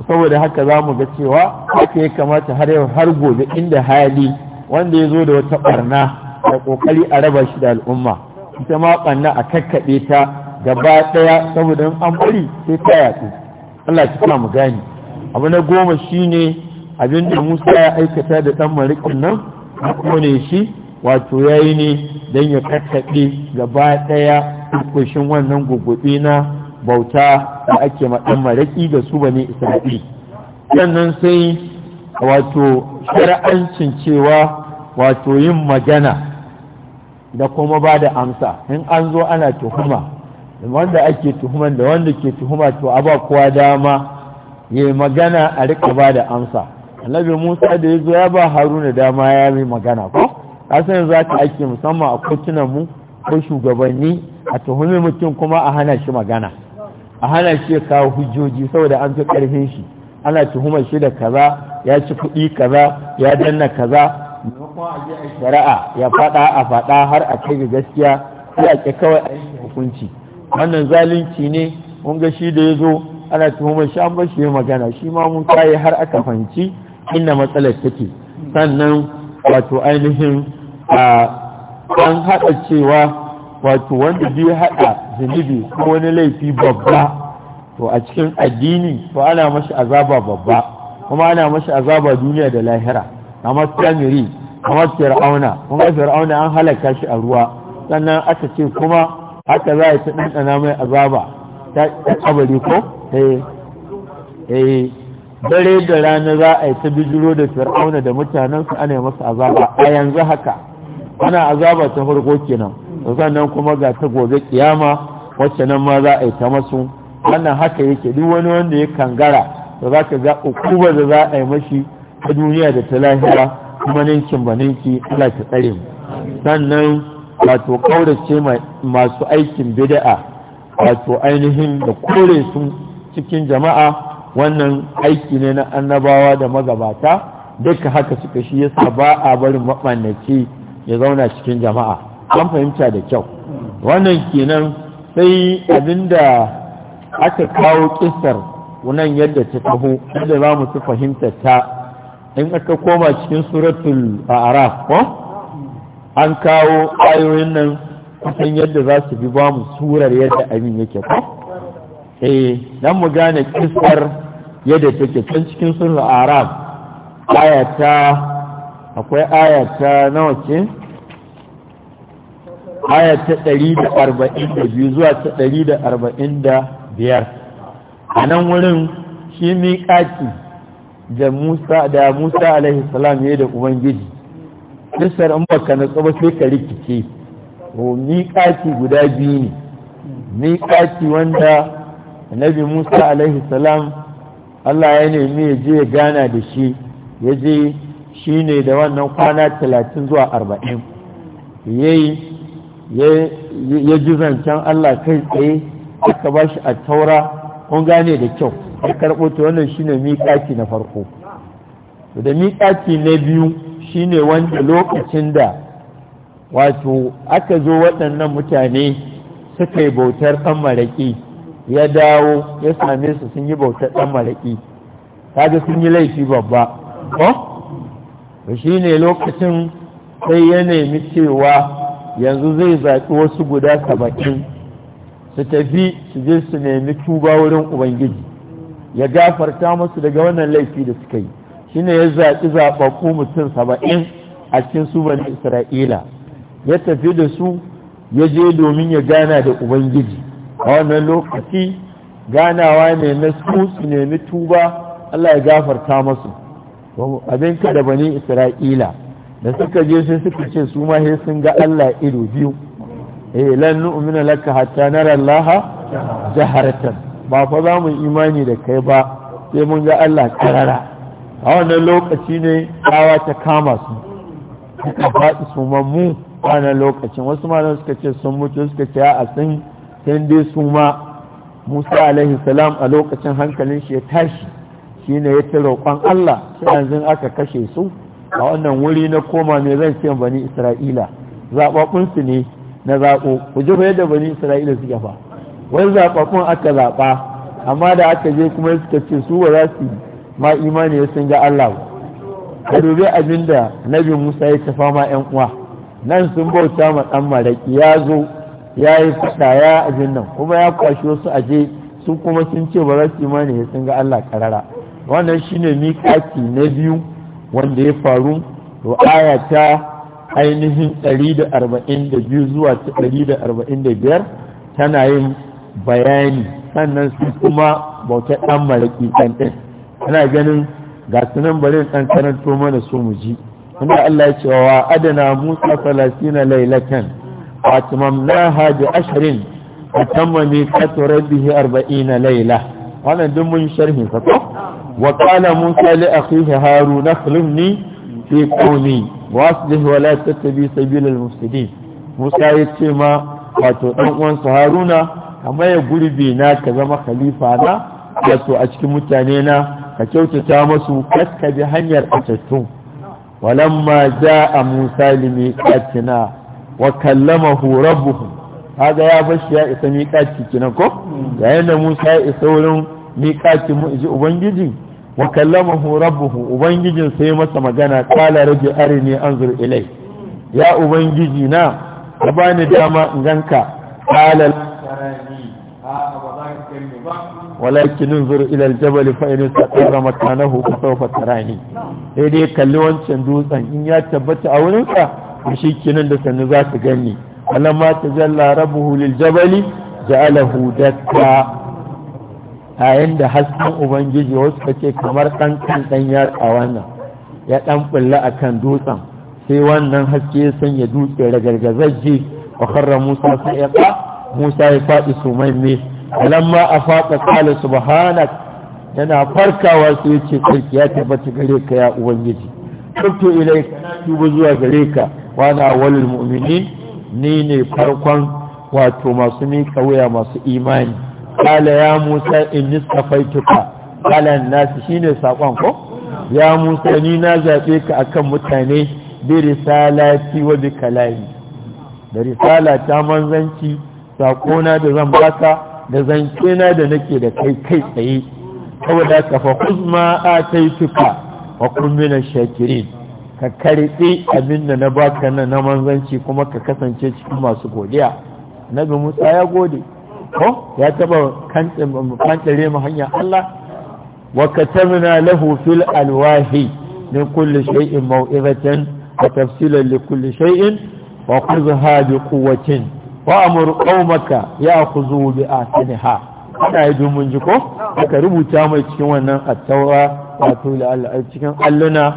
saboda haka za mu ga cewa haka ya kamata har yau har gobe inda hali wanda ya zo da wata barna da kokari a raba shi da al'umma ita ma barna a kakkaɓe ta gaba ɗaya saboda an bari sai ta yatsu Allah ya kuma mu gani abu na goma shine abin da Musa ya aikata da dan marikin nan kuma ne shi wato yayi ne dan ya kakkabe gaba daya kushin wannan gugubi na bauta da ake ma dan mariki da su bane isra'i sannan sai wato shar'ancin cewa wato yin magana da kuma ba da amsa in an zo ana tuhuma wanda ake tuhuman da wanda ke tuhuma to a ba kowa dama ya yi magana a rika ba da amsa annabi musa da ya zo ya ba haruna dama ya yi magana ko kasan za ka ake musamman a kotunan mu ko shugabanni a tuhumi mutum kuma a hana shi magana a hana shi ya kawo hujjoji saboda an fi karfin shi ana tuhumar shi da kaza ya ci kuɗi kaza ya danna kaza shari'a ya faɗa a faɗa har a kai ga gaskiya sai a ke kawai a yi hukunci wannan zalunci ne mun ga shi da ya zo ana tuhumar shi an bar shi magana shi ma mun kayi har aka fahimci inda matsalar take sannan wato ainihin a ɗan haɗa cewa wato wanda biyu haɗa zunubi ko wani laifi babba to a cikin addini to ana mashi azaba babba kuma ana mashi azaba duniya da lahira kamar samiri kamar fir'auna kuma fir'auna an halaka shi a ruwa sannan aka ce kuma haka za a ta ɗanɗana mai azaba ta kabari ko eh, eh dare da rana za a yi ta bijiro da fir'auna da mutanensu ana yi masa azaba a yanzu haka ana azaba ta farko kenan sannan kuma ga ta gobe kiyama wacce nan ma za a yi ta masu wannan haka yake duk wani wanda ya kangara da za ka ga ukuba da za a yi mashi ta duniya da ta lahira kuma ninkin ba ninki ala ta tsare mu sannan wato kaurace masu aikin bida'a wato ainihin da kore sun cikin jama'a wannan aiki ne na annabawa da magabata duka haka suka shi yasa ba a barin maɓannaci ya zauna cikin jama'a an fahimta da kyau wannan kenan sai abinda aka kawo kisar wannan yadda ta taho yadda za mu su fahimta ta in aka koma cikin suratul a'raf ko an kawo ayoyin nan kusan yadda za su bi ba mu surar yadda abin yake ko eh dan mu gane kisar yadda take can cikin surar arab ta akwai ta nawa ce ta 142 zuwa ta 145 a nan wurin shi kaki da Musa da Musa alaihi salam yayin da ubangiji lissar in baka na ba sai ka rikice to miƙaci guda biyu ne miƙaci wanda Nabi musa alaihi salam allah ya nemi ya je ya gana da shi ya je shi ne da wannan kwana talatin zuwa arba'in ya ji zancen allah kai tsaye aka ba shi a taura kun gane da kyau ya karɓo ta wannan shi ne miƙaci na farko da miƙaci na biyu Shi ne wanda lokacin da wato aka zo waɗannan mutane suka yi bautar ɗan maraƙi ya dawo ya same su sun yi bautar ɗan maraƙi kaga sun yi laifi babba ko shi ne lokacin sai ya nemi cewa yanzu zai zaɓi wasu guda saba'in su tafi su je su nemi tuba wurin ubangiji ya gafarta masu daga wannan laifi da suka yi ne ya zaɓi zaɓaɓɓu mutum saba'in a cikin su bani isra'ila ya tafi da su ya je domin ya gana da ubangiji a wannan lokaci ganawa ne na su su nemi tuba allah ya gafarta masu abin ka da bani isra'ila da suka je sai suka ce su ma sai sun ga allah ido biyu eh lan nu'mina laka hatta nara allaha jaharatan ba fa za mu imani da kai ba sai mun ga allah karara a wannan lokaci ne tsawa ta kama su suka faɗi mammu a wannan lokacin wasu malam suka ce sun mutu suka ce a sun sun dai suma musa alaihi salam a lokacin hankalin shi ya tashi Shi ne ya ci roƙon allah sai yanzu aka kashe su a wannan wuri na koma mai zan ce bani isra'ila zaɓaɓɓunsu ne na zaɓo ku ji da bani isra'ila suke fa wani zaɓaɓɓun aka zaɓa amma da aka je kuma suka ce su ba za su yi ma imani ya sun ga Allah ka dubi abin da nabi Musa ya tafa ma ƴan uwa nan sun bauta ma ɗan maraƙi ya zo ya yi faɗa ya abin nan kuma ya kwashi wasu aje su kuma sun ce ba za su imani ya sun ga Allah karara wannan shine mikaki na biyu wanda ya faru to aya ta ainihin 142 zuwa 145 tana yin bayani sannan su kuma bautar ɗan maraƙi ɗan ana ganin ga sunan bare ɗan karanto mana so mu ji inda Allah ya ce wa adana Musa salasina lailatan wa tamamnaha bi ashrin wa tamma miqatu bihi arba'ina laila wannan duk mun sharhi fa ko wa qala Musa li akhihi Harun akhlimni fi qawmi wa wa la tattabi sabila al-mufsidin Musa ya ce ma wato dan uwansa Haruna kamar ya gurbe na ka zama khalifa na wato a cikin mutane na ka kyautata masu kaska bi hanyar atattun walamma ja'a musa limi qatina wa kallamahu rabbuhu Haga ya bashi ya isa miqati kinan ko yayin da musa ya isa wurin miqati mu iji ubangiji wa kallamahu rabbuhu ubangijin sai masa magana qala ne an anzur ilai ya ubangiji na ka bani dama in ganka qala walakin unzur ila aljabal fa in istaqarra makanahu sawfa tarani sai dai kalli wancan dutsen in ya tabbata a wurin sa shikenan da sannu za ka gani alamma tajalla rabbuhu liljabali ja'alahu dakka yayin da hasken ubangiji wasu ka ce kamar ɗan kan ɗan yatsa wannan ya ɗan bulla a kan dutsen sai wannan haske ya sanya dutse ragargazajje wa karra musa sai ya musa ya faɗi sumamme lamma afaqa qala subhanak yana farkawa sai yace sarki ya tabbata gare ka ya ubangiji kuntu ilayka na tubu zuwa gare ka wa ana awwalul ni ne farkon wato masu mika wuya masu imani qala ya musa inni safaituka Kalan nasu shine sakon ko ya musa ni na zaɓe ka akan mutane bi risalati wa bi kalami da risala ta manzanci sakona da zan baka da zance na da nake da kai kai tsaye saboda ka fa kuzma a tuka wa kun shakirin ka karɓi abin da na baka nan na manzanci kuma ka kasance cikin masu godiya nabi musa ya gode ko ya taɓa kantare mu hanyar allah wa katabna lahu fil alwahi min kulli shay'in maw'izatan wa tafsilan li kulli shay'in wa khudha bi quwwatin wa'amur qaumaka ya'khudhu bi asaniha ana yi mun ji ko aka rubuta mai cikin wannan attaura wato da Allah cikin alluna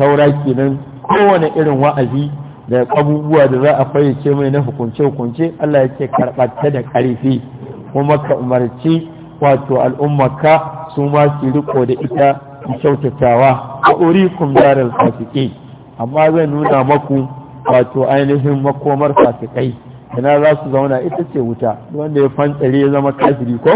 taura kenan kowane irin wa'azi da abubuwa da za a fayyace mai na hukunce hukunce Allah yake karbata da ƙarfi kuma ka umarci wato al'ummaka su ma su riko da ita su kyautatawa a urikum daral fasiki amma zan nuna maku wato ainihin makomar fasikai ina za su zauna ita ce wuta wanda ya fantsare ya zama kafiri ko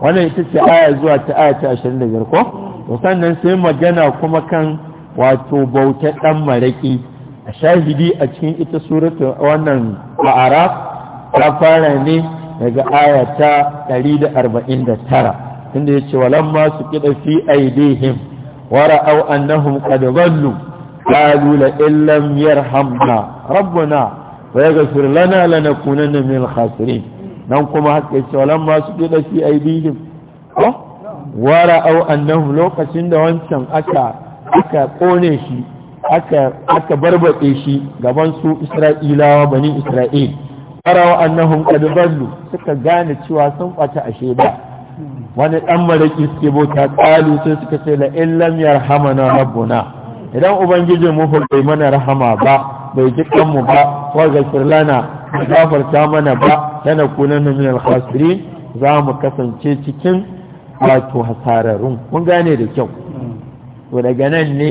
wannan ita ce aya zuwa ta aya ta ashirin da biyar ko to sannan sai magana kuma kan wato bauta dan maraki a shahidi a cikin ita suratu wannan ma'araf ta fara ne daga aya ta 149 inda ya ce ma su kida fi aidihim wara'au annahum qad dhallu qalu la illam yarhamna rabbuna ga yaghfir lana lanakunanna min al-khasirin nan kuma haka ce walan ma su gida fi aidihim ko wara au annahum lokacin da wancan aka aka kone shi aka aka barbaɗe shi gaban su Isra'ilawa bani Isra'il wara annahum qad ballu suka gane cewa sun bata ashe ba wani ɗan maraki suke bauta ƙalu sai suka ce la in yarhamana rabbuna idan ubangijin mu bai mana rahama ba bai ji kanmu ba wa gafir lana gafarta mana ba yana kunan min al za mu kasance cikin wato hasararun mun gane da kyau to daga nan ne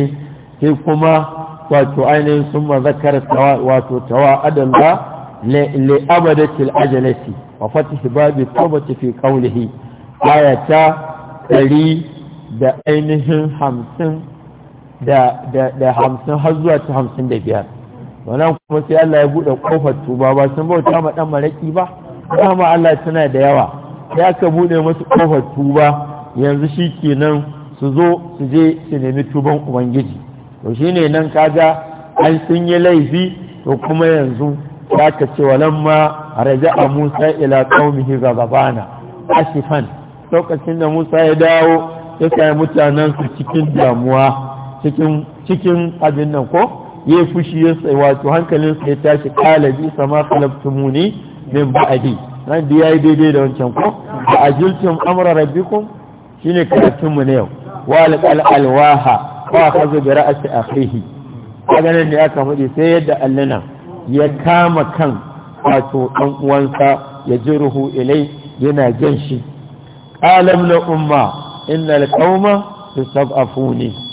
sai kuma wato ainihin sun ma zakar wato tawa adalla li abadatil ajalati wa fatihi babi tawbati fi qawlihi ayata 100 da ainihin 50 da da 50 har zuwa biyar. wannan kuma sai Allah ya buɗe ƙofar tuba ba sun bauta ma ɗan maraƙi ba dama Allah tana da yawa Ya ka buɗe masu ƙofar tuba yanzu shi kenan su zo su je su nemi tuban ubangiji to shine nan kaga an sun yi laifi to kuma yanzu ya ka ce walamma raja'a Musa ila qaumihi ghadabana asifan lokacin da Musa ya dawo ya kai mutanensu cikin damuwa cikin cikin abin nan ko ya fushi ya tsaye wato hankalin ya tashi kala bi sama khalaftumuni min ba'di nan da yi daidai da wancan ko a ajiltum amra rabbikum shine karatun mu ne yau wal qal alwaha wa akhadha bi ra'si akhihi kaga nan ne aka faɗi sai yadda allana ya kama kan wato dan uwansa ya jiruhu ilai yana jan shi qalam la umma innal qauma yastad'afuni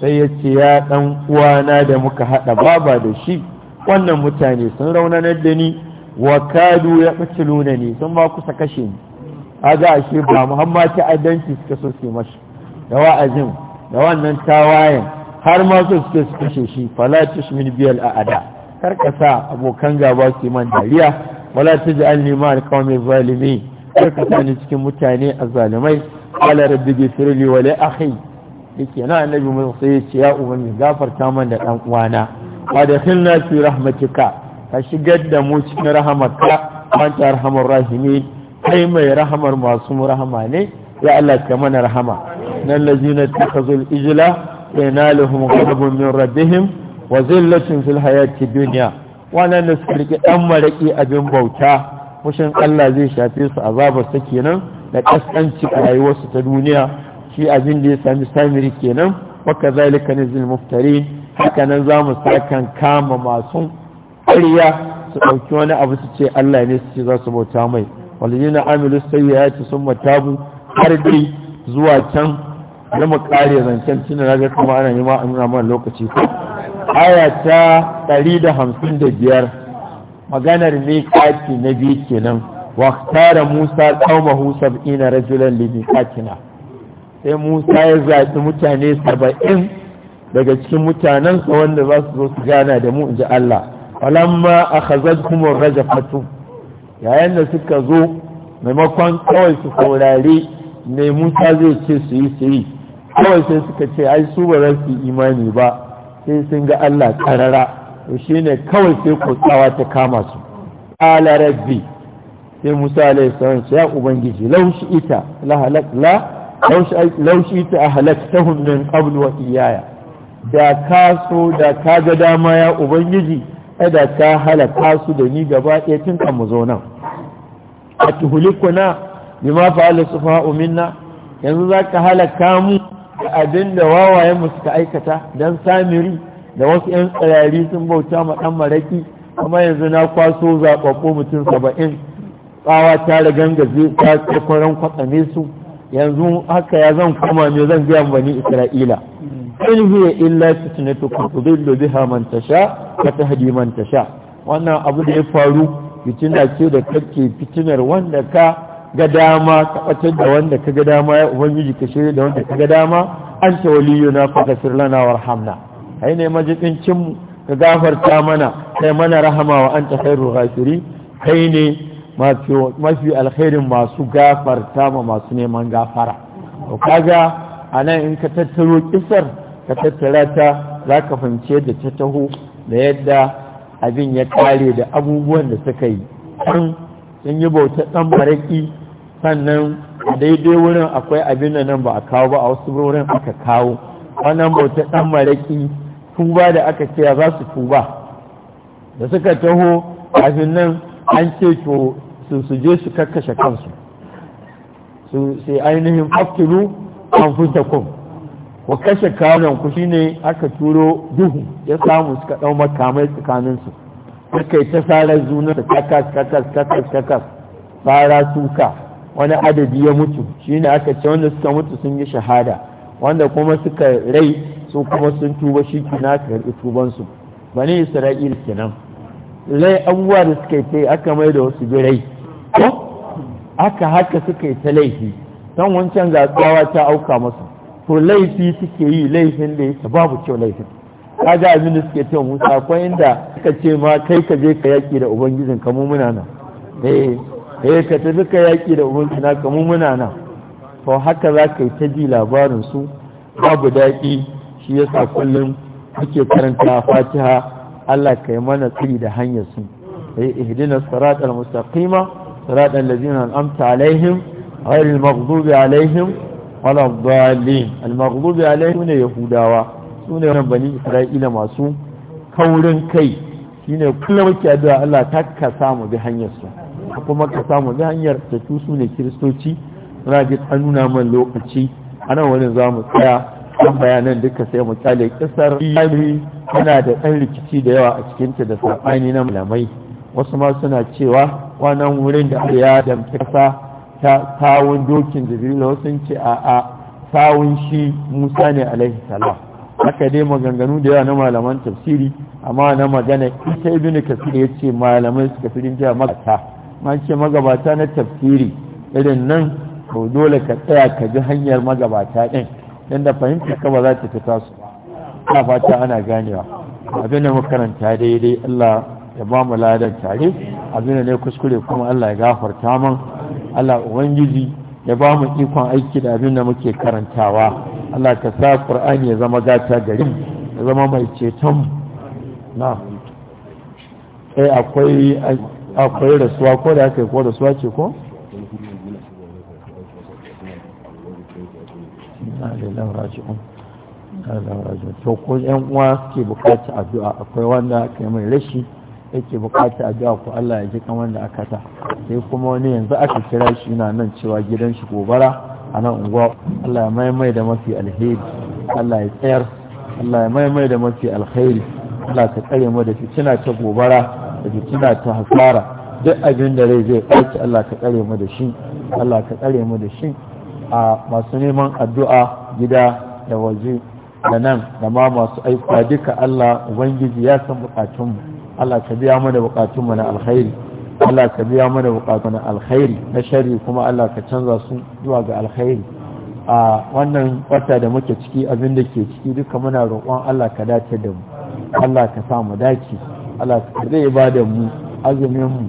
sai ya ce ya ɗan uwana da muka haɗa baba da shi wannan mutane sun raunanar da ni wa kadu ya ɓaciluna ne sun ma kusa kashe ni a shi ba muhammad ta'addanci suka so su mashi da wa'azin da wannan tawayen har ma so suke su kashe shi fala tushmin biyal ka karkasa abokan gaba su man dariya wala taj'alni ma Kar ka karkasa ni cikin mutane a zalimai qala rabbi ghfirli wa li akhi yake na annabi musa sai ya ce ya gafarta man da dan uwana wa da hinna fi rahmatika ka shigar da mu cikin rahamarka wanta rahamar rahimi kai mai rahamar masu rahama ne ya Allah ka mana rahama nan lazina takhazul ijla yanaluhum ghadabun min rabbihim wa zillatun fil hayati dunya wannan da suka rike dan maraki abin bauta mushin Allah zai shafe su azabar ta kenan da kaskanci rayuwarsu ta duniya shi abin da ya sami samiri kenan waka zalika nizil muftari haka nan za mu sakan kama masu ƙarya su ɗauki wani abu su ce Allah ne su ce za su bauta mai walidina amilu yaci sun matabu har dai zuwa can na mu kare zancen na naga kuma ana yi ma nuna mana lokaci ko aya ta biyar. maganar miƙati na biyu kenan wa tara Musa qaumahu sabina rajulan li sai musa ya zaɓi mutane saba'in daga cikin mutanensa wanda za su zo su gana da mu in ji Allah falamma a khazar kuma fatu yayin da suka zo maimakon kawai su saurari ne musa zai ce su yi su yi kawai sai suka ce ai su ba za su imani ba sai sun ga Allah karara to ne kawai sai kotsawa ta kama su ala rabbi sai musa alaihi salam ya ubangiji laushi ita la halak la laushi ta a min qabl wa iyaya da ka so da ka ga dama ya ubangiji da ka halaka su da ni gaba ɗaya tun kan mu zo nan atuhlikuna bima fa'ala sufaha'u minna yanzu zaka halaka mu da abin da wawaye mu suka aikata dan samiri da wasu yan tsirari sun bauta ma dan maraki kuma yanzu na kwaso zaɓaɓɓo mutum saba'in tsawa ta gangaze ta kwaran kwatsame su yanzu haka ya zan koma me zan biya bani isra'ila in hiya illa fitnatukum tudillu biha man tasha wa tahdi man tasha wannan abu da ya faru fitina ce da kake fitinar wanda ka ga dama ka fatar da wanda ka ga dama ya ubangiji ka shirya da wanda ka ga dama an ta waliyuna fa kasir lana warhamna ai ne cin mu ka gafarta mana kai mana rahama wa anta khairul ghafiri kai ne mafi alkhairin masu gafarta ma masu neman gafara to kaga anan in ka tattaro kisar ka tattara ta za ka fahimci da ta taho da yadda abin ya kare da abubuwan da suka yi an sun yi bauta ɗan maraƙi sannan daidai wurin akwai abin da nan ba a kawo ba a wasu wurin aka kawo wannan bauta ɗan maraƙi tuba da aka ce za su tuba da suka taho kafin nan an ce to sun su je su kakkashe kansu su sai ainihin fakiru an fusakun ku kashe kawunanku shine aka turo duhu ya samu suka ɗau makamai tsakaninsu suka yi ta sarar zuna da kakas kakas kakas kakas fara tuka wani adadi ya mutu shine aka ce wanda suka mutu sun yi shahada wanda kuma suka rai su kuma sun tuba shi kina karɓi tubansu bani isra'il kenan lai abubuwa da suka yi aka mai da wasu birai aka haka suka yi ta laifi don wancan zaɓawa ta auka masu to laifi suke yi laifin da yake babu kyau laifin kaga abin da suke cewa musa akwai inda suka ce ma kai ka je ka yaƙi da ubangijin kamu muna nan eh, eh ka tafi ka yaƙi da ubangijin na kamu muna nan to haka za ka yi ta ji labarin su babu daɗi shi yasa kullum muke karanta fatiha Allah ka yi mana tsiri da hanyar su eh ihdina siratal mustaqima صراط الذين أنعمت عليهم غير المغضوب عليهم ولا الضالين المغضوب عليهم ne yahudawa sune wannan bani isra'ila masu kaurin kai shine kullum muke addu'a Allah ta ka samu bi hanyar su kuma ka samu bi hanyar ta su sune kristoci suna ji nuna man lokaci ana wani za mu tsaya kan bayanan duka sai mu kyale kisar yana da ɗan rikici da yawa a cikinta da saɓani na malamai wasu ma suna cewa wannan wurin da ya damfi kasa ta tawun dokin jibril wasu ce a a shi musa ne alaihi salam haka dai maganganu da yawa na malaman tafsiri amma na magana ita ibn kasir ya ce malamai suka fi rinjaya magabata ma ce magabata na tafsiri irin nan ko dole ka tsaya ka ji hanyar magabata ɗin dan da fahimtar ka ba za ta fita su ba ana fata ana ganewa abin da makaranta daidai Allah ya ba mu ladan tare abinda ne kuskure kuma Allah ya gafarta man Allah ubangiji ya ba mu ikon aiki da abinda muke karantawa Allah ka sa Qur'ani ya zama gata gari ya zama mai ceton na eh akwai akwai rasuwa ko da aka yi ko rasuwa ce ko to ko yan uwa ke bukaci addu'a akwai wanda aka yi mai rashi yake bukata a biya ku Allah ya ji kamar da aka ta sai kuma wani yanzu aka kira shi yana nan cewa gidan shi gobara a nan unguwa Allah ya maimai da mafi alheri Allah ya tsayar Allah ya maimai da mafi alheri Allah ka tsare mu da fitina ta gobara da fitina ta hasara duk abin da rai zai ɗauki Allah ka tsare mu da shi Allah ka tsare mu da shi a masu neman addu'a gida da waje da nan da ma masu aikwa duka Allah Ubangiji ya san bukatunmu Allah ka biya mana bukatun mana alkhairi Allah ka biya mana bukatun na alkhairi na shari kuma Allah ka canza su zuwa ga alkhairi a wannan wata da muke ciki abin da ke ciki duka muna roƙon Allah ka dace da mu Allah ka sa mu dace Allah ka zai ba da mu azumin mu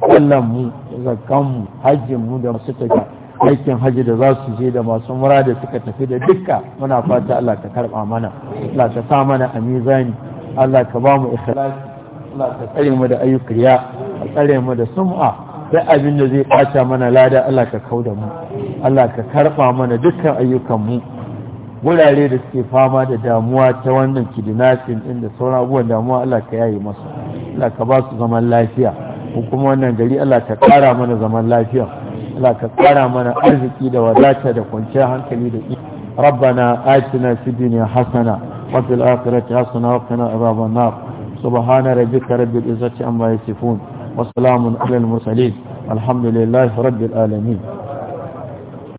sallan mu zakkan mu hajjin mu da masu tafiya aikin haji da za su je da masu mura da suka tafi da duka muna fata Allah ka karba mana Allah ka sa mana a mizani Allah ka ba mu ikhlasi Allah ka tsare mu da ayyukan ya ka tsare mu da sum'a Sai abin da zai ɓata mana lada Allah ka kau da mu Allah ka karɓa mana dukkan ayyukan mu wurare da suke fama da damuwa ta wannan kidnapping din da sauran abubuwan damuwa Allah ka yayi masu Allah ka ba su zaman lafiya ko kuma wannan gari Allah ka ƙara mana zaman lafiya Allah ka ƙara mana arziki da wadata da kwanciyar hankali da ربنا آتنا في الدنيا حسنة وفي الآخرة حسنة وقنا عذاب النار subhana rabbika rabbil izzati amma yasifun wa salamun alal mursalin alhamdulillahi rabbil alamin